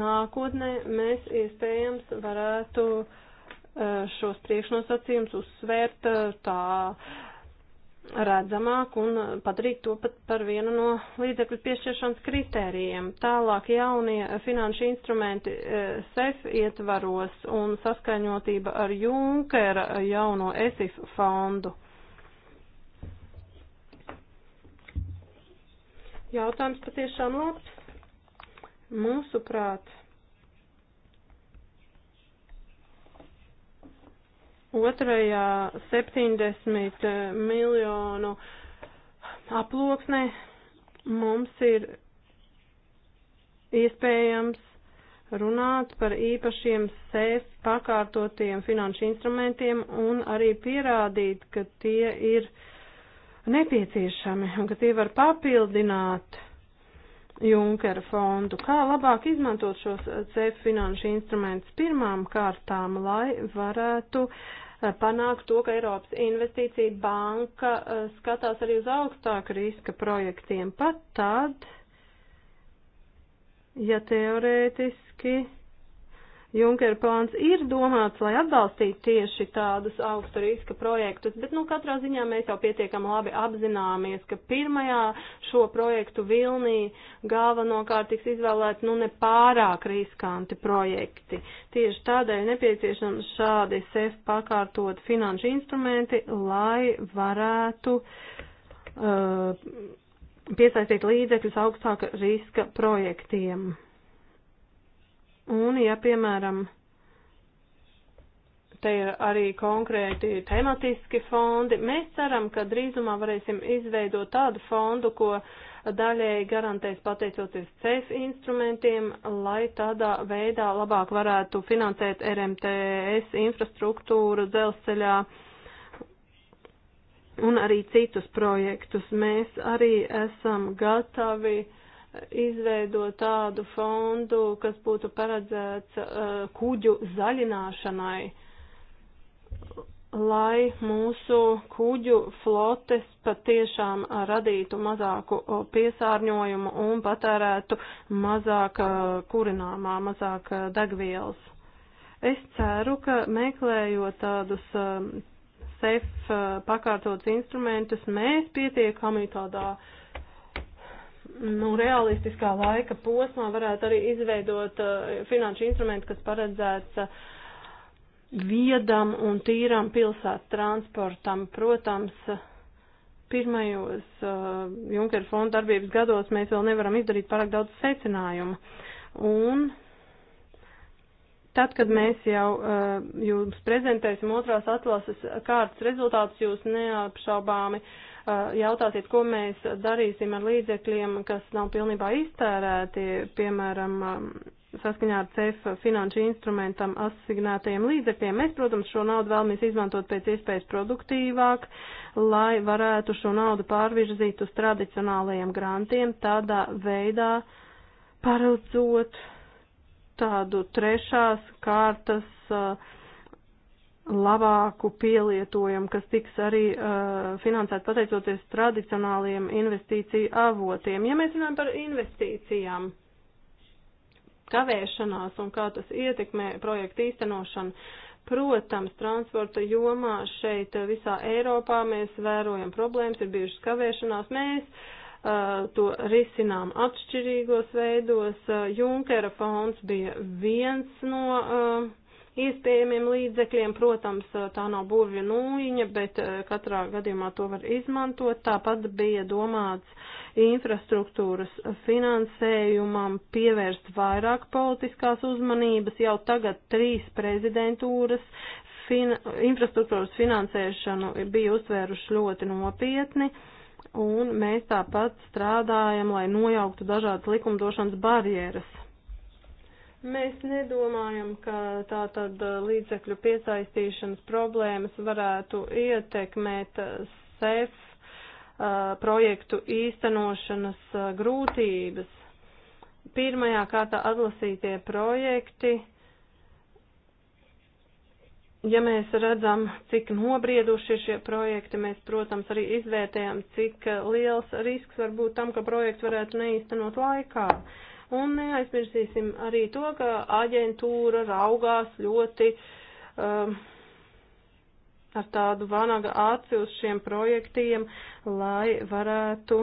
nākotnē mēs iespējams varētu eh, šos priekšnosacījumus uzsvērt eh, tā redzamāk un padarīt to pat par vienu no līdzekļu piešķiršanas kritērijiem. Tālāk jaunie finanšu instrumenti SEF ietvaros un saskaņotība ar Junkera jauno ESIF fondu. Jautājums patiešām labs. Mūsuprāt, otrajā 70 miljonu aploksnē mums ir iespējams runāt par īpašiem sēs pakārtotiem finanšu instrumentiem un arī pierādīt, ka tie ir uh, nepieciešami un ka tie var papildināt Junkera fondu. Kā labāk izmantot šos eh, CEF finanšu instrumentus pirmām kārtām, lai varētu eh, panākt to, ka Eiropas investīcija banka eh, skatās arī uz augstāku riska projektiem pat tad, ja teorētiski Junkera plāns ir domāts, lai atbalstītu tieši tādus augsta riska projektus, bet, nu, katrā ziņā mēs jau pietiekam labi apzināmies, ka pirmajā šo projektu vilnī galvenokārt tiks izvēlēt, nu, ne pārāk riskanti projekti. Tieši tādēļ nepieciešams šādi SEF pakārtot finanšu instrumenti, lai varētu. Uh, piesaistīt līdzekļus augstāka riska projektiem. Un, ja, piemēram, te ir arī konkrēti tematiski fondi, mēs ceram, ka drīzumā varēsim izveidot tādu fondu, ko daļēji garantēs pateicoties CEF instrumentiem, lai tādā veidā labāk varētu finansēt RMTS infrastruktūru dzelzceļā un arī citus projektus. Mēs arī esam gatavi uh, izveidot tādu fondu, kas būtu paredzēts uh, kuģu zaļināšanai, lai mūsu kuģu flotes patiešām radītu mazāku uh, piesārņojumu un patērētu mazāk uh, kurināmā, mazāk uh, degvielas. Es ceru, ka meklējot tādus um, SEF pakārtotus instrumentus, mēs pietiekami tādā uh, nu, realistiskā laika posmā varētu arī izveidot uh, finanšu instrumentu, kas paredzēts uh, viedam un tīram pilsētu transportam. Protams, pirmajos uh, Junkera fonda darbības gados mēs vēl nevaram izdarīt pārāk daudz secinājumu. Un tad, kad mēs jau uh, jums prezentēsim otrās atlases kārtas rezultātus, jūs neapšaubāmi uh, Eh, jautāsiet, ko mēs darīsim ar līdzekļiem, kas nav pilnībā iztērēti, piemēram, eh, saskaņā ar CEF finanšu instrumentam asignētajiem līdzekļiem. Mēs, protams, šo naudu vēlamies izmantot pēc iespējas produktīvāk, lai varētu šo naudu pārvirzīt uz tradicionālajiem grantiem, tādā veidā paredzot tādu trešās kārtas uh, labāku pielietojumu, kas tiks arī uh, finansēt pateicoties tradicionāliem investīciju avotiem. Ja mēs runājam par investīcijām, kavēšanās un kā tas ietekmē projektu īstenošanu, protams, transporta jomā šeit uh, visā Eiropā mēs vērojam problēmas, ir bijušas kavēšanās. Mēs uh, to risinām atšķirīgos veidos. Uh, Junkera fonds bija viens no uh, iespējamiem līdzekļiem. Protams, tā nav būvja nūjiņa, bet katrā gadījumā to var izmantot. Tāpat bija domāts infrastruktūras finansējumam pievērst vairāk politiskās uzmanības. Jau tagad trīs prezidentūras fin infrastruktūras finansēšanu bija uztvēruši ļoti nopietni un mēs tāpat strādājam, lai nojauktu dažādas likumdošanas barjeras. Mēs nedomājam, ka tā tad uh, līdzekļu piesaistīšanas problēmas varētu ietekmēt uh, SEF uh, projektu īstenošanas grūtības. Pirmajā kārtā atlasītie projekti, ja mēs redzam, cik nobrieduši šie projekti, mēs, protams, arī izvērtējam, cik liels risks var būt tam, ka projekts varētu neīstenot laikā. Uh, Un neaizmirsīsim arī to, ka aģentūra raugās ļoti um, ar tādu vanaga aci uz šiem projektiem, lai varētu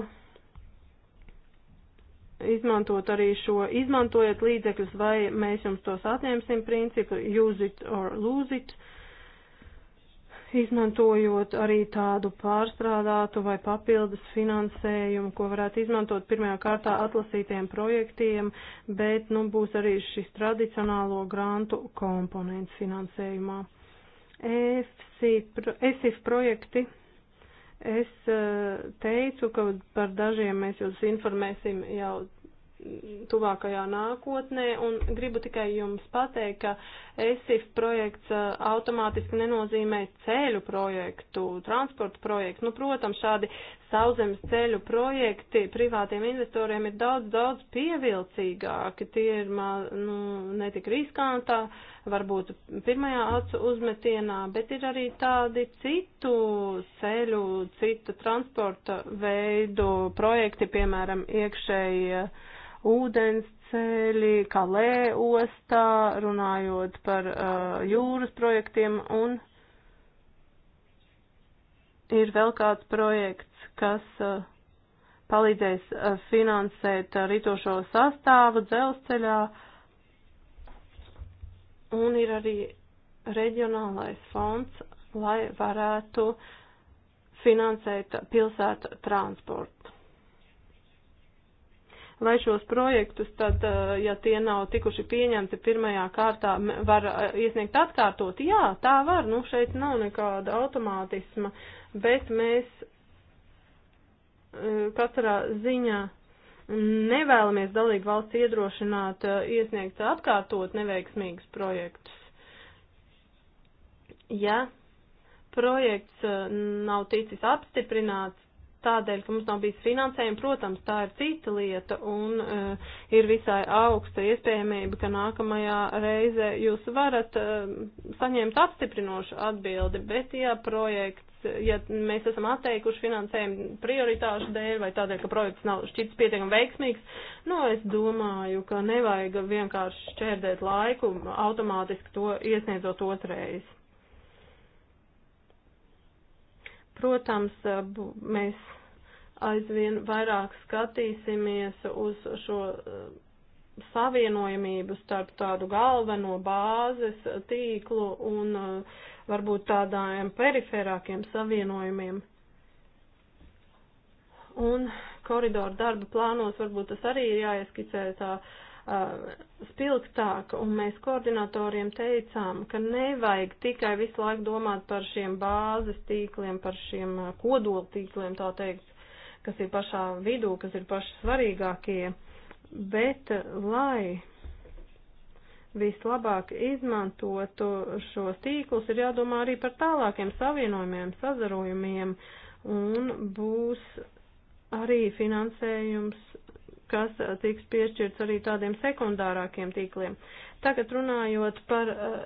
izmantot arī šo izmantojiet līdzekļus, vai mēs jums tos atņemsim principu use it or lose it. Uh, izmantojot arī tādu pārstrādātu vai papildus finansējumu, ko varētu izmantot pirmajā kārtā atlasītiem projektiem, bet nu, būs arī šis tradicionālo grantu komponents finansējumā. EFC, ESIF projekti. Es eh, teicu, ka par dažiem mēs jūs informēsim jau tuvākajā nākotnē, un gribu tikai jums pateikt, ka ESIF projekts uh, automātiski nenozīmē ceļu projektu, transportu projektu. Nu, protams, šādi sauzemes ceļu projekti privātiem investoriem ir daudz, daudz pievilcīgāki, tie ir, nu, netik riskantā, varbūt pirmajā acu uzmetienā, bet ir arī tādi citu ceļu, citu transporta veidu projekti, piemēram, iekšēji uh, ūdens ceļi, Kalē ostā, runājot par uh, jūras projektiem un ir vēl kāds projekts, kas uh, palīdzēs uh, finansēt uh, ritošo sastāvu dzelzceļā un ir arī reģionālais fonds, lai varētu finansēt pilsētu transportu lai šos projektus tad, eh, ja tie nav tikuši pieņemti pirmajā kārtā, var eh, iesniegt atkārtot. Jā, tā var, nu šeit nav nekāda automātisma, bet mēs eh, katrā ziņā nevēlamies dalību valsts iedrošināt iesniegt atkārtot neveiksmīgus projektus. Ja projekts nav ticis apstiprināts, tādēļ, ka mums nav bijis finansējuma, protams, tā ir cita lieta un uh, ir visai augsta iespējamība, ka nākamajā reize jūs varat uh, saņemt apstiprinošu atbildi, bet ja projekts, ja mēs esam atteikuši finansējumu prioritāšu dēļ vai tādēļ, ka projekts nav šķits pietiekami veiksmīgs, nu es domāju, ka nevajag vienkārši šķērdēt laiku automātiski to iesniedzot otrais. Protams, eh, mēs aizvien vairāk skatīsimies uz šo eh, savienojamību starp tādu galveno bāzes tīklu un eh, varbūt tādām periferākiem savienojumiem. Un koridoru darba plānos varbūt tas arī ir jāieskicē tā uh, Uh, spilgtāk, un mēs koordinatoriem teicām, ka nevajag tikai visu laiku domāt par šiem bāzes tīkliem, par šiem uh, kodoltīkliem, tā teikt, kas ir pašā vidū, kas ir paši svarīgākie, bet uh, lai vislabāk izmantotu šos tīklus, ir jādomā arī par tālākiem savienojumiem, sazarojumiem, un būs arī finansējums kas eh, tiks piešķirts arī tādiem sekundārākiem tīkliem. Tagad runājot par uh,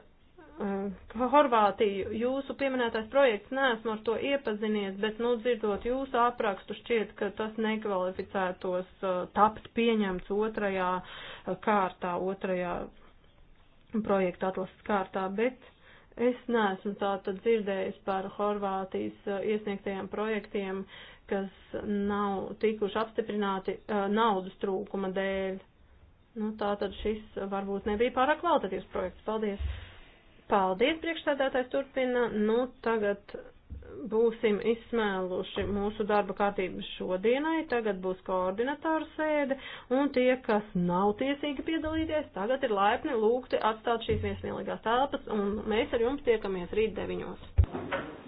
uh, Horvātiju, jūsu pieminētais projekts neesmu ar to iepazinies, bet, nu, dzirdot jūsu aprakstu, šķiet, ka tas nekvalificētos uh, tapt pieņemts otrajā uh, kārtā, otrajā projekta atlases kārtā, bet es neesmu tā tad dzirdējis par Horvātijas uh, iesniegtajiem projektiem. Uh, kas nav tikuši apstiprināti uh, naudas trūkuma dēļ. Nu, tā tad šis varbūt nebija pārāk kvalitatīvs projekts. Paldies! Paldies, priekšstādātājs turpina. Nu, tagad būsim izsmēluši mūsu darba kārtību šodienai. Tagad būs koordinatoru sēde, un tie, kas nav tiesīgi piedalīties, tagad ir laipni lūgti atstāt šīs viesmīlīgās telpas, un mēs ar jums tiekamies rīt deviņos.